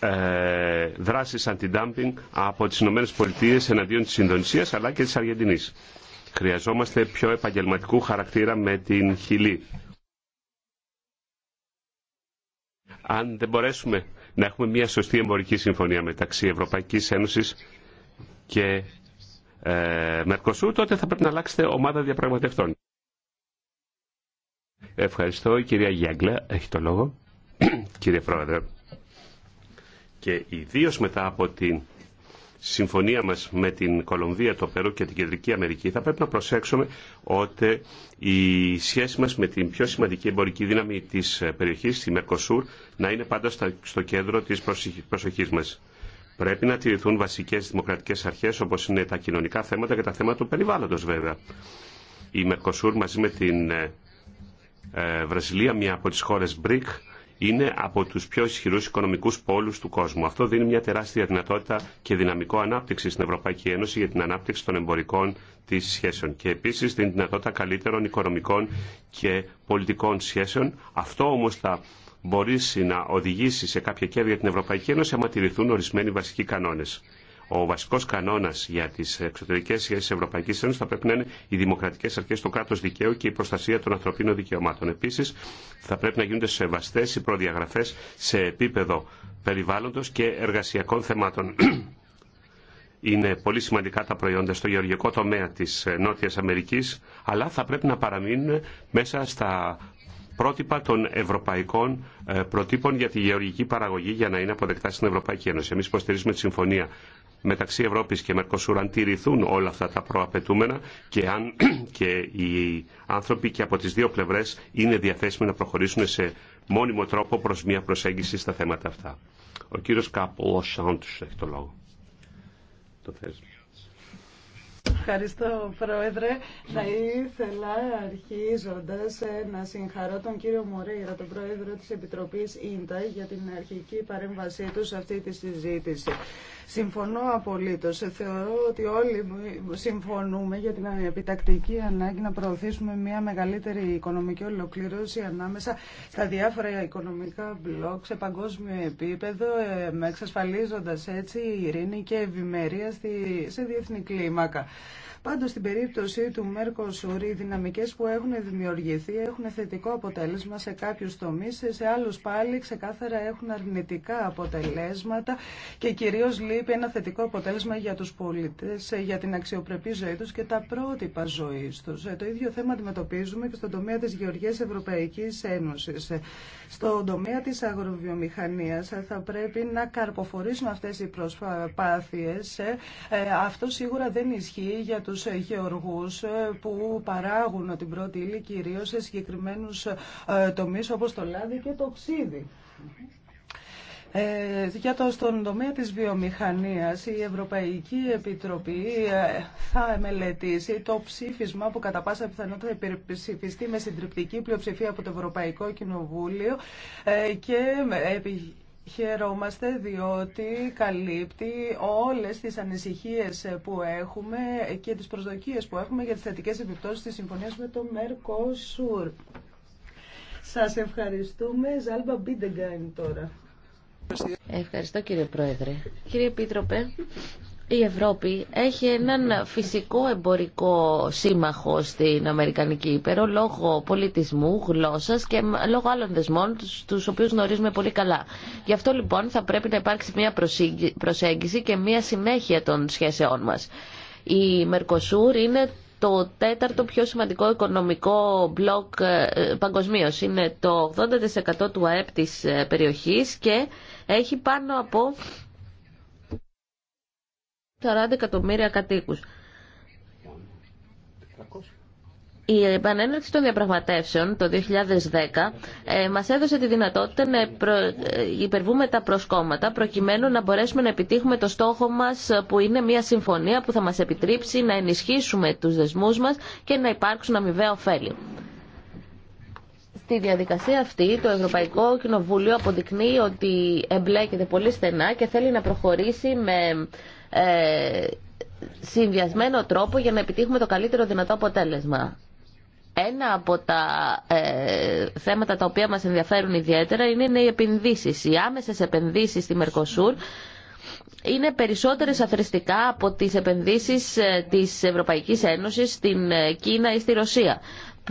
ε, δράσεις αντι-dumping από τις Ηνωμένες Πολιτείες εναντίον της Ινδονησίας αλλά και της Αργεντινής. Χρειαζόμαστε πιο επαγγελματικού χαρακτήρα με την χιλή. Αν δεν μπορέσουμε να έχουμε μια σωστή εμπορική συμφωνία μεταξύ Ευρωπαϊκής Ένωσης και ε, Μερκοσού, τότε θα πρέπει να αλλάξετε ομάδα διαπραγματευτών. Ευχαριστώ. Η κυρία Γιάγκλα έχει το λόγο. κύριε Πρόεδρε. Και ιδίω μετά από την συμφωνία μας με την Κολομβία, το Περού και την Κεντρική Αμερική, θα πρέπει να προσέξουμε ότι η σχέση μας με την πιο σημαντική εμπορική δύναμη της περιοχής, τη Μερκοσούρ, να είναι πάντα στο κέντρο της προσοχής μας. Πρέπει να τηρηθούν βασικές δημοκρατικές αρχές όπως είναι τα κοινωνικά θέματα και τα θέματα του περιβάλλοντος βέβαια. Η Μερκοσούρ μαζί με την ε, ε, Βραζιλία, μια από τις χώρες BRIC, είναι από τους πιο ισχυρούς οικονομικούς πόλους του κόσμου. Αυτό δίνει μια τεράστια δυνατότητα και δυναμικό ανάπτυξη στην Ευρωπαϊκή Ένωση για την ανάπτυξη των εμπορικών της σχέσεων και επίσης δίνει δυνατότητα καλύτερων οικονομικών και πολιτικών σχέσεων. Αυτό όμως θα μπορέσει να οδηγήσει σε κάποια κέρδη για την Ευρωπαϊκή Ένωση άμα τηρηθούν ορισμένοι βασικοί κανόνες ο βασικό κανόνα για τι εξωτερικέ σχέσει τη Ευρωπαϊκή Ένωση θα πρέπει να είναι οι δημοκρατικέ αρχέ, του κράτο δικαίου και η προστασία των ανθρωπίνων δικαιωμάτων. Επίση, θα πρέπει να γίνονται σεβαστέ οι προδιαγραφέ σε επίπεδο περιβάλλοντο και εργασιακών θεμάτων. Είναι πολύ σημαντικά τα προϊόντα στο γεωργικό τομέα της Νότιας Αμερικής, αλλά θα πρέπει να παραμείνουν μέσα στα πρότυπα των ευρωπαϊκών ε, προτύπων για τη γεωργική παραγωγή για να είναι αποδεκτά στην Ευρωπαϊκή Ένωση. Εμεί υποστηρίζουμε τη συμφωνία μεταξύ Ευρώπης και Μερκοσούρ αν τηρηθούν όλα αυτά τα προαπαιτούμενα και αν και οι άνθρωποι και από τις δύο πλευρές είναι διαθέσιμοι να προχωρήσουν σε μόνιμο τρόπο προς μια προσέγγιση στα θέματα αυτά. Ο κύριος Κάπολο Σάντους έχει το λόγο. Το Ευχαριστώ, Πρόεδρε. Θα ήθελα αρχίζοντας ε, να συγχαρώ τον κύριο Μωρέιρα, τον Πρόεδρο της Επιτροπής ΙΝΤΑ, για την αρχική παρέμβασή του σε αυτή τη συζήτηση. Συμφωνώ απολύτως. Θεωρώ ότι όλοι συμφωνούμε για την επιτακτική ανάγκη να προωθήσουμε μια μεγαλύτερη οικονομική ολοκλήρωση ανάμεσα στα διάφορα οικονομικά μπλοκ σε παγκόσμιο επίπεδο, ε, εξασφαλίζοντας έτσι ειρήνη και ευημερία σε διεθνή κλίμακα. Πάντω στην περίπτωση του Mercosur οι δυναμικέ που έχουν δημιουργηθεί έχουν θετικό αποτέλεσμα σε κάποιου τομεί. σε άλλου πάλι ξεκάθαρα έχουν αρνητικά αποτελέσματα και κυρίω λείπει ένα θετικό αποτέλεσμα για του πολίτε, για την αξιοπρεπή ζωή του και τα πρότυπα ζωή του. Ε, το ίδιο θέμα αντιμετωπίζουμε και στον τομέα τη Γεωργίας Ευρωπαϊκή Ένωση. Στον τομέα τη αγροβιομηχανία θα πρέπει να καρποφορήσουν αυτέ οι προσπάθειε. Ε, αυτό σίγουρα δεν ισχύει για τους γεωργούς ε, που παράγουν την πρώτη ύλη κυρίως σε συγκεκριμένου ε, τομεί, όπως το λάδι και το ξύδι. Ε, για το στον τομέα της βιομηχανίας η Ευρωπαϊκή Επιτροπή ε, θα μελετήσει το ψήφισμα που κατά πάσα πιθανότητα θα υπερψηφιστεί με συντριπτική πλειοψηφία από το Ευρωπαϊκό Κοινοβούλιο και Χαιρόμαστε διότι καλύπτει όλες τις ανησυχίες που έχουμε και τις προσδοκίες που έχουμε για τις θετικές επιπτώσεις της συμφωνίας με το Mercosur. Σας ευχαριστούμε. Ζάλμπα Μπίντεγκάιν τώρα. Ευχαριστώ κύριε Πρόεδρε. Κύριε Επίτροπε, η Ευρώπη έχει έναν φυσικό εμπορικό σύμμαχο στην Αμερικανική Υπέρο λόγω πολιτισμού, γλώσσας και λόγω άλλων δεσμών τους οποίους γνωρίζουμε πολύ καλά. Γι' αυτό λοιπόν θα πρέπει να υπάρξει μια προσέγγιση και μια συνέχεια των σχέσεών μας. Η Μερκοσούρ είναι το τέταρτο πιο σημαντικό οικονομικό μπλοκ ε, παγκοσμίω. Είναι το 80% του ΑΕΠ της ε, περιοχής και έχει πάνω από 40 εκατομμύρια κατοίκου. Η επανέναρξη των διαπραγματεύσεων το 2010 ε, μας έδωσε τη δυνατότητα να ε, υπερβούμε τα προσκόμματα προκειμένου να μπορέσουμε να επιτύχουμε το στόχο μας ε, που είναι μια συμφωνία που θα μας επιτρέψει να ενισχύσουμε τους δεσμούς μας και να υπάρξουν αμοιβαία ωφέλη. Στη διαδικασία αυτή το Ευρωπαϊκό Κοινοβούλιο αποδεικνύει ότι εμπλέκεται πολύ στενά και θέλει να προχωρήσει με ε, συνδυασμένο τρόπο για να επιτύχουμε το καλύτερο δυνατό αποτέλεσμα. Ένα από τα ε, θέματα τα οποία μας ενδιαφέρουν ιδιαίτερα είναι οι επενδύσεις. Οι άμεσες επενδύσεις στη Μερκοσούρ είναι περισσότερες αθρηστικά από τις επενδύσεις ε, της Ευρωπαϊκής Ένωσης στην Κίνα ή στη Ρωσία.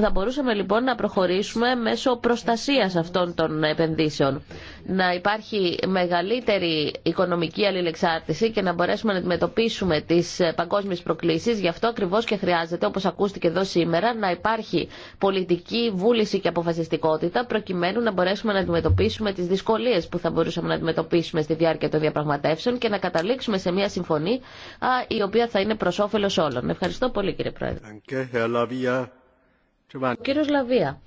Θα μπορούσαμε λοιπόν να προχωρήσουμε μέσω προστασίας αυτών των επενδύσεων. Να υπάρχει μεγαλύτερη οικονομική αλληλεξάρτηση και να μπορέσουμε να αντιμετωπίσουμε τις παγκόσμιες προκλήσεις. Γι' αυτό ακριβώς και χρειάζεται, όπως ακούστηκε εδώ σήμερα, να υπάρχει πολιτική βούληση και αποφασιστικότητα προκειμένου να μπορέσουμε να αντιμετωπίσουμε τις δυσκολίες που θα μπορούσαμε να αντιμετωπίσουμε στη διάρκεια των διαπραγματεύσεων και να καταλήξουμε σε μια συμφωνία η οποία θα είναι προς όφελος όλων. Ευχαριστώ πολύ κύριε Πρόεδρε κύριος Λαβία.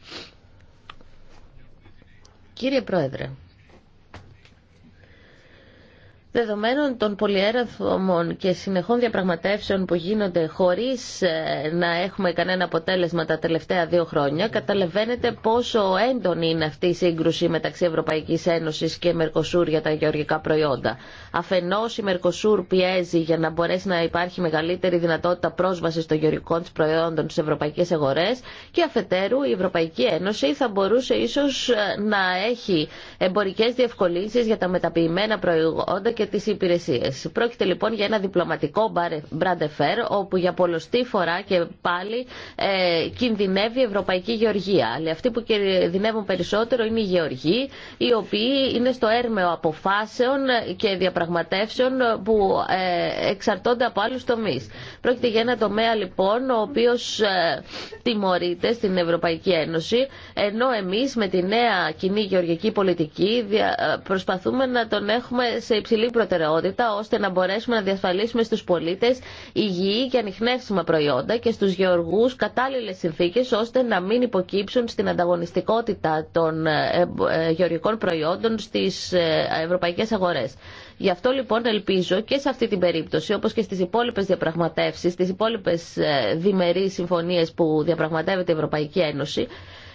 Κύριε Πρόεδρε, Δεδομένων των πολυέρευμων και συνεχών διαπραγματεύσεων που γίνονται χωρίς ε, να έχουμε κανένα αποτέλεσμα τα τελευταία δύο χρόνια, καταλαβαίνετε πόσο έντονη είναι αυτή η σύγκρουση μεταξύ Ευρωπαϊκής Ένωσης και Μερκοσούρ για τα γεωργικά προϊόντα. Αφενός η Μερκοσούρ πιέζει για να μπορέσει να υπάρχει μεγαλύτερη δυνατότητα πρόσβασης των γεωργικών της προϊόντων στις ευρωπαϊκές αγορές και αφετέρου η Ευρωπαϊκή Ένωση θα μπορούσε ίσως ε, να έχει εμπορικές διευκολύνσεις για τα μεταποιημένα προϊόντα και τις υπηρεσίες. Πρόκειται λοιπόν για ένα διπλωματικό μπραντεφέρ όπου για πολλωστή φορά και πάλι ε, κινδυνεύει η Ευρωπαϊκή Γεωργία. Αλλά αυτοί που κινδυνεύουν περισσότερο είναι οι Γεωργοί οι οποίοι είναι στο έρμεο αποφάσεων και διαπραγματεύσεων που ε, εξαρτώνται από άλλους τομείς. Πρόκειται για ένα τομέα λοιπόν ο οποίος ε, τιμωρείται στην Ευρωπαϊκή Ένωση ενώ εμείς με τη νέα κοινή γεωργική πολιτική ε, προσπαθούμε να τον έχουμε σε υψηλή προτεραιότητα ώστε να μπορέσουμε να διασφαλίσουμε στους πολίτες υγιή και ανοιχνεύσιμα προϊόντα και στους γεωργούς κατάλληλες συνθήκες ώστε να μην υποκύψουν στην ανταγωνιστικότητα των ε, ε, γεωργικών προϊόντων στις ε, ευρωπαϊκές αγορές. Γι' αυτό λοιπόν ελπίζω και σε αυτή την περίπτωση, όπως και στις υπόλοιπες διαπραγματεύσεις, στις υπόλοιπες διμερείς συμφωνίες που διαπραγματεύεται η Ευρωπαϊκή Ένωση,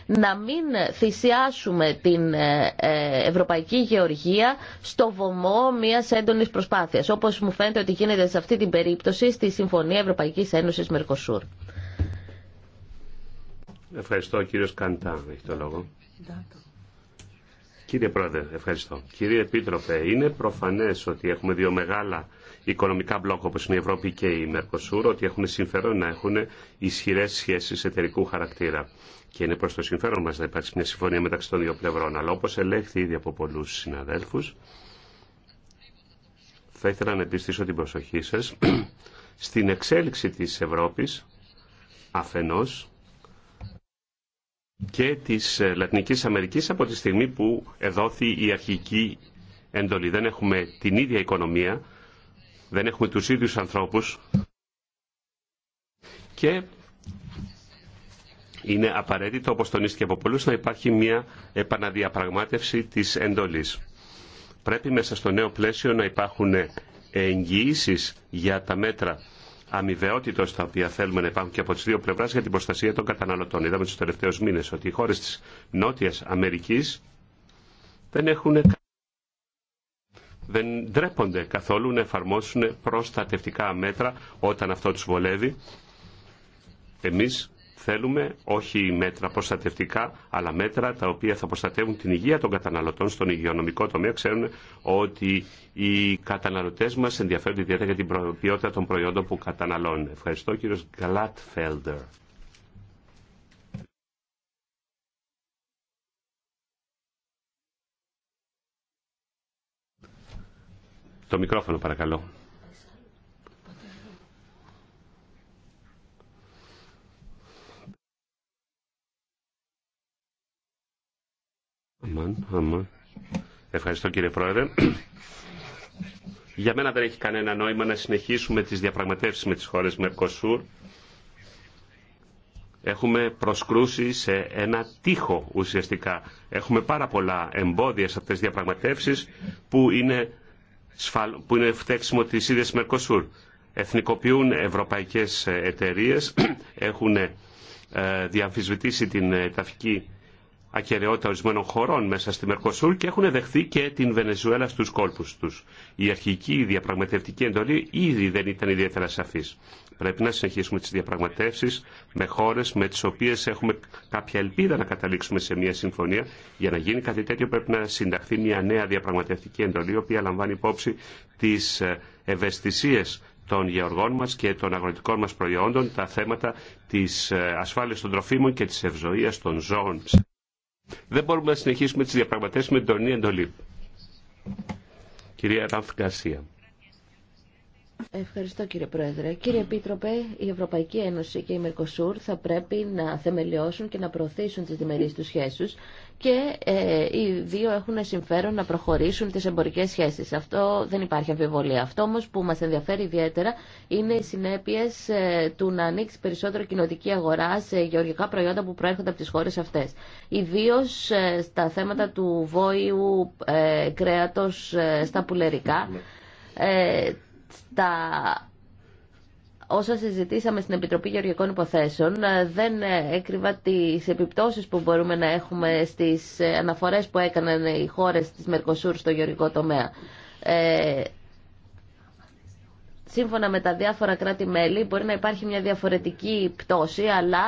να μην θυσιάσουμε την ε, ε, ευρωπαϊκή γεωργία στο βωμό μιας έντονης προσπάθειας, όπως μου φαίνεται ότι γίνεται σε αυτή την περίπτωση στη Συμφωνία Ευρωπαϊκής Ένωσης Μερκοσούρ. Ευχαριστώ κύριος Καντά, έχει το λόγο. Κύριε Πρόεδρε, ευχαριστώ. Κύριε Επίτροπε, είναι προφανές ότι έχουμε δύο μεγάλα οικονομικά μπλοκ όπως είναι η Ευρώπη και η Μερκοσούρ, ότι έχουν συμφέρον να έχουν ισχυρές σχέσεις εταιρικού χαρακτήρα και είναι προς το συμφέρον μας να υπάρξει μια συμφωνία μεταξύ των δύο πλευρών. Αλλά όπως ελέγχθη ήδη από πολλού συναδέλφου, θα ήθελα να επιστήσω την προσοχή σα στην εξέλιξη της Ευρώπης αφενό και της ε, Λατινικής Αμερικής από τη στιγμή που εδόθη η αρχική εντολή. Δεν έχουμε την ίδια οικονομία, δεν έχουμε τους ίδιους ανθρώπους και είναι απαραίτητο, όπως τονίστηκε από πολλούς, να υπάρχει μια επαναδιαπραγμάτευση της εντολής. Πρέπει μέσα στο νέο πλαίσιο να υπάρχουν εγγυήσει για τα μέτρα αμοιβαιότητα τα οποία θέλουμε να υπάρχουν και από τι δύο πλευρά για την προστασία των καταναλωτών. Είδαμε του τελευταίου μήνε ότι οι χώρε τη Νότια Αμερική δεν έχουν δεν ντρέπονται καθόλου να εφαρμόσουν προστατευτικά μέτρα όταν αυτό τους βολεύει. Εμείς Θέλουμε όχι μέτρα προστατευτικά, αλλά μέτρα τα οποία θα προστατεύουν την υγεία των καταναλωτών στον υγειονομικό τομέα. Ξέρουν ότι οι καταναλωτέ μα ενδιαφέρονται ιδιαίτερα για την ποιότητα των προϊόντων που καταναλώνουν. Ευχαριστώ, κύριο Γκλάτφελντερ. Το μικρόφωνο παρακαλώ. Ευχαριστώ κύριε Πρόεδρε. Για μένα δεν έχει κανένα νόημα να συνεχίσουμε τις διαπραγματεύσεις με τις χώρες Μερκοσούρ. Έχουμε προσκρούσει σε ένα τείχο ουσιαστικά. Έχουμε πάρα πολλά εμπόδια σε αυτές τις διαπραγματεύσεις που είναι, σφαλ, που είναι φταίξιμο της ίδιας Μερκοσούρ. Εθνικοποιούν ευρωπαϊκές εταιρείες, έχουν ε, διαμφισβητήσει την ε, ταφική ακαιρεότητα ορισμένων χωρών μέσα στη Μερκοσούρ και έχουν δεχθεί και την Βενεζουέλα στους κόλπους τους. Η αρχική διαπραγματευτική εντολή ήδη δεν ήταν ιδιαίτερα σαφής. Πρέπει να συνεχίσουμε τις διαπραγματεύσεις με χώρες με τις οποίες έχουμε κάποια ελπίδα να καταλήξουμε σε μια συμφωνία. Για να γίνει κάτι τέτοιο πρέπει να συνταχθεί μια νέα διαπραγματευτική εντολή, η οποία λαμβάνει υπόψη τις ε, ευαισθησίες των γεωργών μας και των αγροτικών μας προϊόντων, τα θέματα της ε, ασφάλειας των τροφίμων και της ευζοίας των ζώων. Δεν μπορούμε να συνεχίσουμε τις διαπραγματεύσεις με την τωρινή Κυρία Ραφ Γκαρσία. Ευχαριστώ κύριε Πρόεδρε. Κύριε Επίτροπε, η Ευρωπαϊκή Ένωση και η Μερκοσούρ θα πρέπει να θεμελιώσουν και να προωθήσουν τις διμερείς τους σχέσεις και ε, οι δύο έχουν συμφέρον να προχωρήσουν τις εμπορικές σχέσεις. Αυτό δεν υπάρχει αμφιβολία. Αυτό όμως που μας ενδιαφέρει ιδιαίτερα είναι οι συνέπειες ε, του να ανοίξει περισσότερο κοινοτική αγορά σε γεωργικά προϊόντα που προέρχονται από τις χώρες αυτές. Ιδίω ε, στα θέματα του βόηου ε, κρέατος ε, στα πουλερικά στα όσα συζητήσαμε στην Επιτροπή Γεωργικών Υποθέσεων ε, δεν έκρυβα τις επιπτώσεις που μπορούμε να έχουμε στις αναφορές που έκαναν οι χώρες της Μερκοσούρ στο γεωργικό τομέα. Ε, σύμφωνα με τα διάφορα κράτη-μέλη μπορεί να υπάρχει μια διαφορετική πτώση αλλά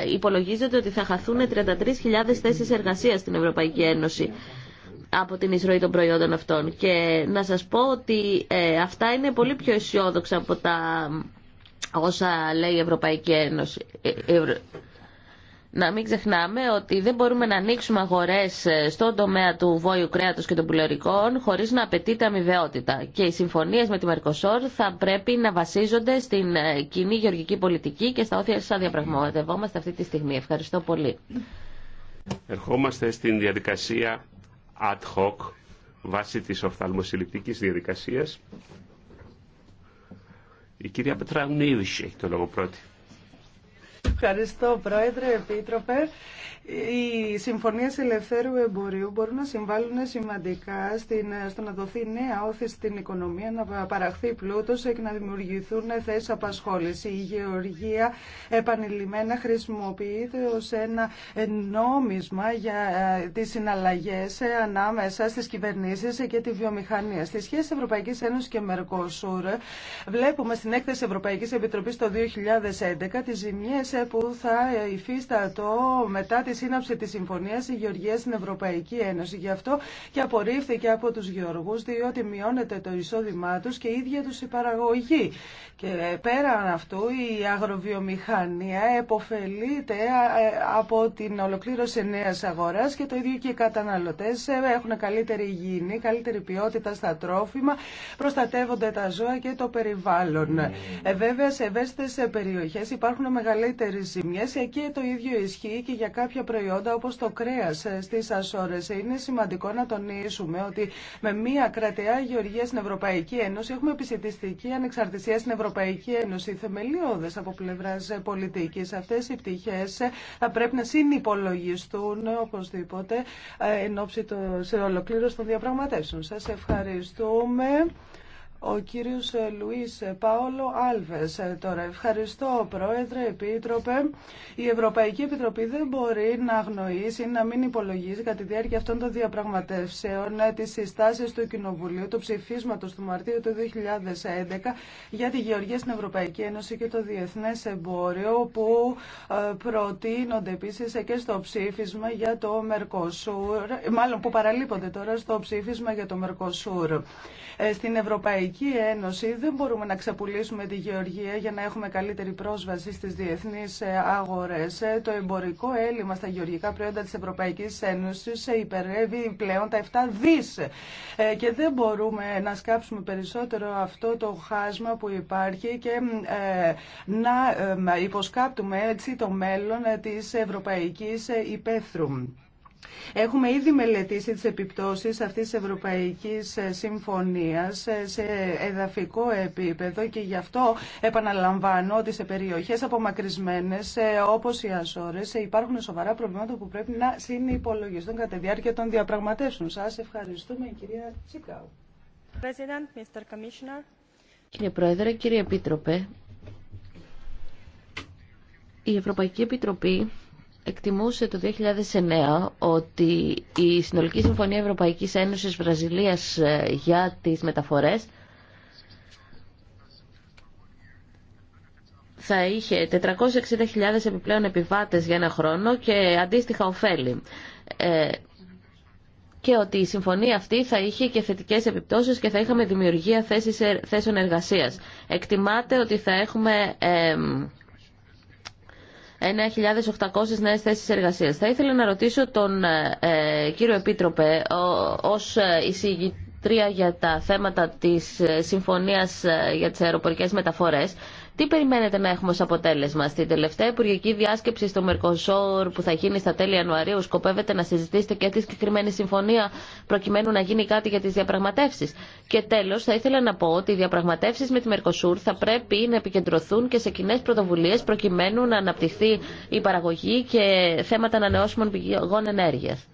ε, υπολογίζεται ότι θα χαθούν 33.000 θέσεις εργασίας στην Ευρωπαϊκή Ένωση από την εισρωή των προϊόντων αυτών. Και να σας πω ότι ε, αυτά είναι πολύ πιο αισιόδοξα από τα όσα λέει η Ευρωπαϊκή Ένωση. Ε, ε, να μην ξεχνάμε ότι δεν μπορούμε να ανοίξουμε αγορές στον τομέα του βόλου κρέατος και των πουλερικών χωρίς να απαιτείται αμοιβαιότητα. Και οι συμφωνίες με τη Μερκοσόρ θα πρέπει να βασίζονται στην κοινή γεωργική πολιτική και στα όθια σας διαπραγματευόμαστε αυτή τη στιγμή. Ευχαριστώ πολύ. Ερχόμαστε στην διαδικασία ad hoc βάσει της οφθαλμοσυλληπτικής διαδικασίας. Η κυρία Πετράγνου ήδη έχει το λόγο πρώτη. Ευχαριστώ, Πρόεδρε, Επίτροπε. Οι συμφωνίες ελευθέρου εμπορίου μπορούν να συμβάλλουν σημαντικά στην, στο να δοθεί νέα όθηση στην οικονομία, να παραχθεί πλούτος και να δημιουργηθούν θέσεις απασχόληση. Η γεωργία επανειλημμένα χρησιμοποιείται ως ένα νόμισμα για ε, τις συναλλαγές ανάμεσα στις κυβερνήσεις και τη βιομηχανία. Στι σχέση Ευρωπαϊκής Ένωσης και Μερκοσούρ βλέπουμε στην έκθεση Ευρωπαϊκής Επιτροπής το 2011 τις ε, που θα υφίστατο μετά τη σύναψη της συμφωνίας η Γεωργία στην Ευρωπαϊκή Ένωση. Γι' αυτό και απορρίφθηκε από τους γεωργούς διότι μειώνεται το εισόδημά τους και η ίδια τους η παραγωγή. Και πέραν αυτού η αγροβιομηχανία εποφελείται ε, από την ολοκλήρωση νέας αγοράς και το ίδιο και οι καταναλωτές ε, έχουν καλύτερη υγιεινή, καλύτερη ποιότητα στα τρόφιμα, προστατεύονται τα ζώα και το περιβάλλον. Ε, βέβαια σε ευαίσθητες περιοχές υπάρχουν μεγαλύτερη μεγαλύτερε ζημιέ ε, και το ίδιο ισχύει και για κάποια προϊόντα όπω το κρέα ε, στι Ασόρε. Ε, είναι σημαντικό να τονίσουμε ότι με μία κρατεά γεωργία στην Ευρωπαϊκή Ένωση έχουμε επισητιστική ανεξαρτησία στην Ευρωπαϊκή Ένωση. Θεμελιώδε από πλευρά πολιτική. Αυτέ οι πτυχέ θα πρέπει να συνυπολογιστούν οπωσδήποτε εν ώψη σε ολοκλήρωση των διαπραγματεύσεων. Σα ευχαριστούμε. Ο κύριος ε, Λουίς ε, Πάολο Άλβες ε, τώρα. Ευχαριστώ Πρόεδρε, Επίτροπε. Η Ευρωπαϊκή Επιτροπή δεν μπορεί να αγνοήσει ή να μην υπολογίζει κατά τη διάρκεια αυτών των διαπραγματεύσεων τις συστάσεις του Κοινοβουλίου, του ψηφίσματος του Μαρτίου του 2011 για τη Γεωργία στην Ευρωπαϊκή Ένωση και το Διεθνές Εμπόριο που προτείνονται επίσης και στο ψήφισμα για το Μερκοσούρ, μάλλον που παραλείπονται τώρα στο ψήφισμα για το Μερκοσούρ. Στην Ευρωπαϊκή Ευρωπαϊκή Ένωση δεν μπορούμε να ξεπουλήσουμε τη γεωργία για να έχουμε καλύτερη πρόσβαση στις διεθνείς ε, αγορές. Ε, το εμπορικό έλλειμμα στα γεωργικά προϊόντα της Ευρωπαϊκής Ένωσης ε, υπερεύει πλέον τα 7 δις και δεν μπορούμε να σκάψουμε περισσότερο αυτό το χάσμα που υπάρχει και να υποσκάπτουμε έτσι το μέλλον της Ευρωπαϊκής Υπαίθρου. Έχουμε ήδη μελετήσει τις επιπτώσεις αυτής της Ευρωπαϊκής ε, Συμφωνίας ε, σε εδαφικό επίπεδο και γι' αυτό επαναλαμβάνω ότι σε περιοχές απομακρυσμένες ε, όπως οι Ασόρες υπάρχουν σοβαρά προβλήματα που πρέπει να συνυπολογιστούν κατά τη διάρκεια των διαπραγματεύσεων. Σας ευχαριστούμε κυρία Τσίκαου. Κύριε Πρόεδρε, κύριε Επίτροπε, η Ευρωπαϊκή Επιτροπή εκτιμούσε το 2009 ότι η Συνολική Συμφωνία Ευρωπαϊκής Ένωσης Βραζιλίας ε, για τις μεταφορές θα είχε 460.000 επιπλέον επιβάτες για ένα χρόνο και αντίστοιχα ωφέλη. Ε, και ότι η συμφωνία αυτή θα είχε και θετικές επιπτώσεις και θα είχαμε δημιουργία ε, θέσεων εργασίας. Εκτιμάται ότι θα έχουμε 9.800 νέες θέσεις εργασίας. Θα ήθελα να ρωτήσω τον ε, ε, κύριο Επίτροπε ως ε, εισηγητρία για τα θέματα της Συμφωνίας για τις Αεροπορικές Μεταφορές τι περιμένετε να έχουμε ως αποτέλεσμα. στη τελευταία υπουργική διάσκεψη στο Μερκοσόρ που θα γίνει στα τέλη Ιανουαρίου σκοπεύετε να συζητήσετε και τη συγκεκριμένη συμφωνία προκειμένου να γίνει κάτι για τις διαπραγματεύσεις. Και τέλος θα ήθελα να πω ότι οι διαπραγματεύσεις με τη Μερκοσούρ θα πρέπει να επικεντρωθούν και σε κοινέ πρωτοβουλίες προκειμένου να αναπτυχθεί η παραγωγή και θέματα ανανεώσιμων πηγών ενέργειας.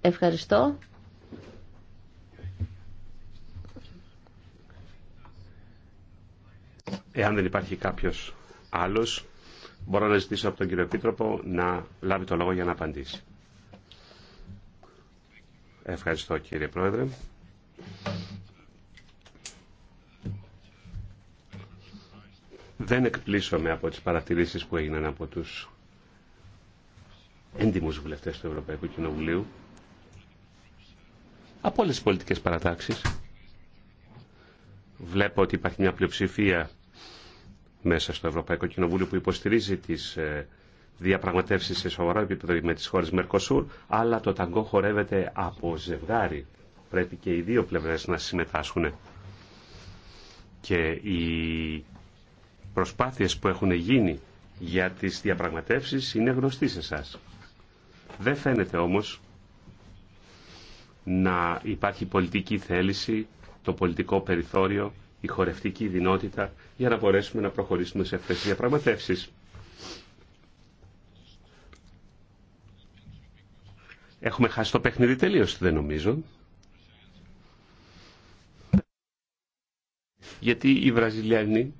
Ευχαριστώ. Εάν δεν υπάρχει κάποιος άλλος, μπορώ να ζητήσω από τον κύριο Επίτροπο να λάβει το λόγο για να απαντήσει. Ευχαριστώ κύριε Πρόεδρε. Δεν εκπλήσωμαι από τις παρατηρήσεις που έγιναν από τους έντιμους βουλευτές του Ευρωπαϊκού Κοινοβουλίου από όλες τις πολιτικές παρατάξεις. Βλέπω ότι υπάρχει μια πλειοψηφία μέσα στο Ευρωπαϊκό Κοινοβούλιο που υποστηρίζει τις ε, διαπραγματεύσεις σε σοβαρό επίπεδο με τις χώρες Μερκοσούρ, αλλά το ταγκό χορεύεται από ζευγάρι. Πρέπει και οι δύο πλευρές να συμμετάσχουν. Και οι προσπάθειες που έχουν γίνει για τις διαπραγματεύσεις είναι γνωστοί σε εσά. Δεν φαίνεται όμως να υπάρχει πολιτική θέληση, το πολιτικό περιθώριο, η χορευτική δυνότητα για να μπορέσουμε να προχωρήσουμε σε αυτές τις διαπραγματεύσεις. Έχουμε χάσει το παιχνίδι τελείως, δεν νομίζω. Γιατί οι Βραζιλιανοί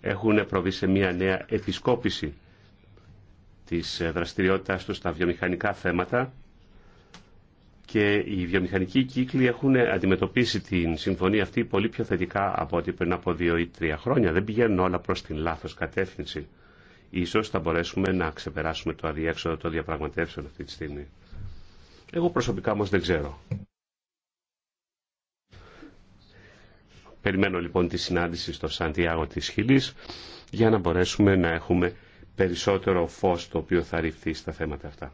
έχουν προβεί σε μια νέα επισκόπηση της δραστηριότητας τους στα βιομηχανικά θέματα και οι βιομηχανικοί κύκλοι έχουν αντιμετωπίσει την συμφωνία αυτή πολύ πιο θετικά από ό,τι πριν από δύο ή τρία χρόνια. Δεν πηγαίνουν όλα προς την λάθος κατεύθυνση. Ίσως θα μπορέσουμε να ξεπεράσουμε το αδιέξοδο των διαπραγματεύσεων αυτή τη στιγμή. Εγώ προσωπικά όμως δεν ξέρω. Περιμένω λοιπόν τη συνάντηση στο Σαντιάγο της Χιλής για να μπορέσουμε να έχουμε περισσότερο φως το οποίο θα ρηφθεί στα θέματα αυτά.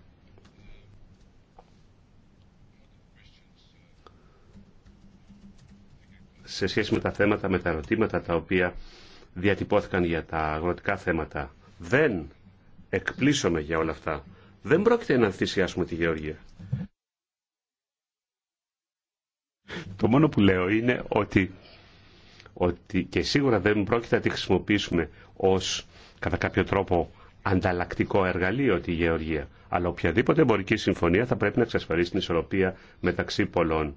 σε σχέση με τα θέματα, με τα ερωτήματα τα οποία διατυπώθηκαν για τα αγροτικά θέματα. Δεν εκπλήσωμε για όλα αυτά. Δεν πρόκειται να θυσιάσουμε τη Γεωργία. Το μόνο που λέω είναι ότι, ότι και σίγουρα δεν πρόκειται να τη χρησιμοποιήσουμε ως κατά κάποιο τρόπο ανταλλακτικό εργαλείο τη Γεωργία. Αλλά οποιαδήποτε εμπορική συμφωνία θα πρέπει να εξασφαλίσει την ισορροπία μεταξύ πολλών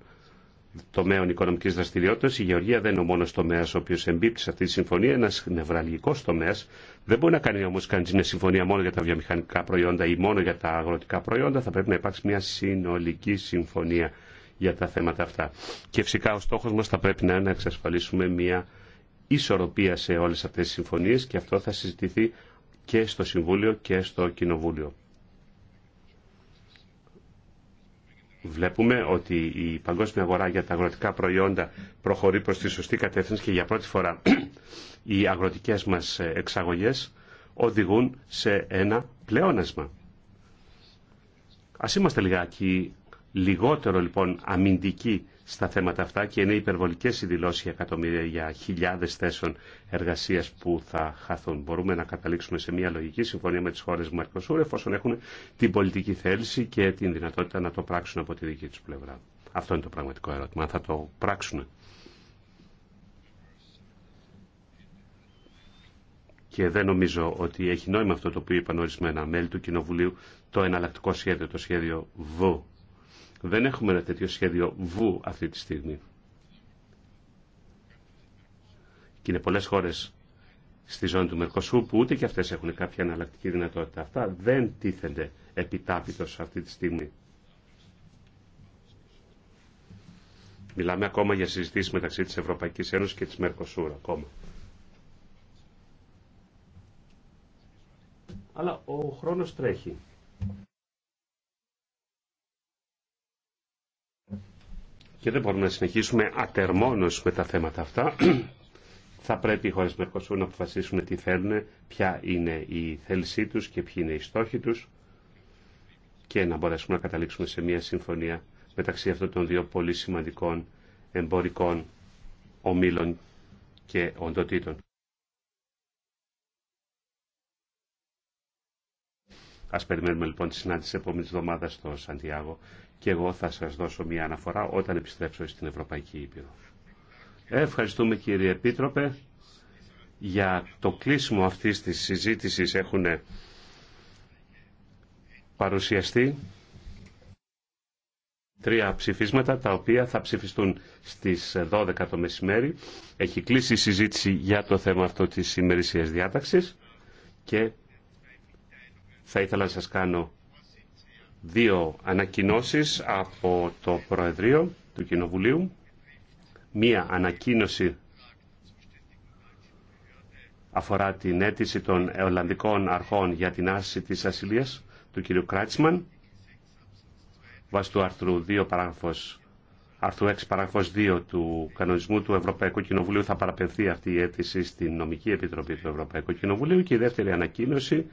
τομέων οικονομικής δραστηριότητας. Η Γεωργία δεν είναι ο μόνος τομέας ο οποίος εμπίπτει σε αυτή τη συμφωνία, ένας νευραλγικός τομέας. Δεν μπορεί να κάνει όμως κανείς μια συμφωνία μόνο για τα βιομηχανικά προϊόντα ή μόνο για τα αγροτικά προϊόντα. Θα πρέπει να υπάρξει μια συνολική συμφωνία για τα θέματα αυτά. Και φυσικά ο στόχος μας θα πρέπει να είναι να εξασφαλίσουμε μια ισορροπία σε όλες αυτές τις συμφωνίες και αυτό θα συζητηθεί και στο Συμβούλιο και στο Κοινοβούλιο. Βλέπουμε ότι η παγκόσμια αγορά για τα αγροτικά προϊόντα προχωρεί προς τη σωστή κατεύθυνση και για πρώτη φορά οι αγροτικές μας εξαγωγές οδηγούν σε ένα πλεόνασμα. Ας είμαστε λιγάκι λιγότερο λοιπόν αμυντικοί στα θέματα αυτά και είναι υπερβολικές οι δηλώσεις για εκατομμύρια για χιλιάδες θέσεων εργασίας που θα χαθούν. Μπορούμε να καταλήξουμε σε μια λογική συμφωνία με τις χώρες Μαρκοσούρ, εφόσον έχουν την πολιτική θέληση και την δυνατότητα να το πράξουν από τη δική τους πλευρά. Αυτό είναι το πραγματικό ερώτημα, θα το πράξουν. και δεν νομίζω ότι έχει νόημα αυτό το οποίο είπαν ορισμένα μέλη του Κοινοβουλίου, το εναλλακτικό σχέδιο, το σχέδιο ΒΟ, δεν έχουμε ένα τέτοιο σχέδιο βου αυτή τη στιγμή. Και είναι πολλές χώρες στη ζώνη του Μερκοσού που ούτε και αυτές έχουν κάποια αναλλακτική δυνατότητα. Αυτά δεν τίθενται επιτάπητος αυτή τη στιγμή. Μιλάμε ακόμα για συζητήσεις μεταξύ της Ευρωπαϊκής Ένωσης και της Μερκοσούρ ακόμα. Αλλά ο χρόνος τρέχει. και δεν μπορούμε να συνεχίσουμε ατερμόνως με τα θέματα αυτά. Θα πρέπει οι χώρες Μερκοσού να αποφασίσουν τι θέλουν, ποια είναι η θέλησή τους και ποιοι είναι οι στόχοι τους και να μπορέσουμε να καταλήξουμε σε μια συμφωνία μεταξύ αυτών των δύο πολύ σημαντικών εμπορικών ομίλων και οντοτήτων. Ας περιμένουμε λοιπόν τη συνάντηση επόμενης εβδομάδας στο Σαντιάγο και εγώ θα σας δώσω μια αναφορά όταν επιστρέψω στην Ευρωπαϊκή Ήπειρο. Ευχαριστούμε κύριε Επίτροπε. Για το κλείσιμο αυτής της συζήτησης έχουν παρουσιαστεί τρία ψηφίσματα τα οποία θα ψηφιστούν στις 12 το μεσημέρι. Έχει κλείσει η συζήτηση για το θέμα αυτό της ημερησίας διάταξης και θα ήθελα να σας κάνω δύο ανακοινώσεις από το Προεδρείο του Κοινοβουλίου. Μία ανακοίνωση αφορά την αίτηση των Ολλανδικών Αρχών για την άρση της ασυλίας του κ. Κράτσμαν βάσει του άρθρου 2 παράγραφος 6 παράγραφος 2 του κανονισμού του Ευρωπαϊκού Κοινοβουλίου θα παραπευθεί αυτή η αίτηση στην Νομική Επιτροπή του Ευρωπαϊκού Κοινοβουλίου και η δεύτερη ανακοίνωση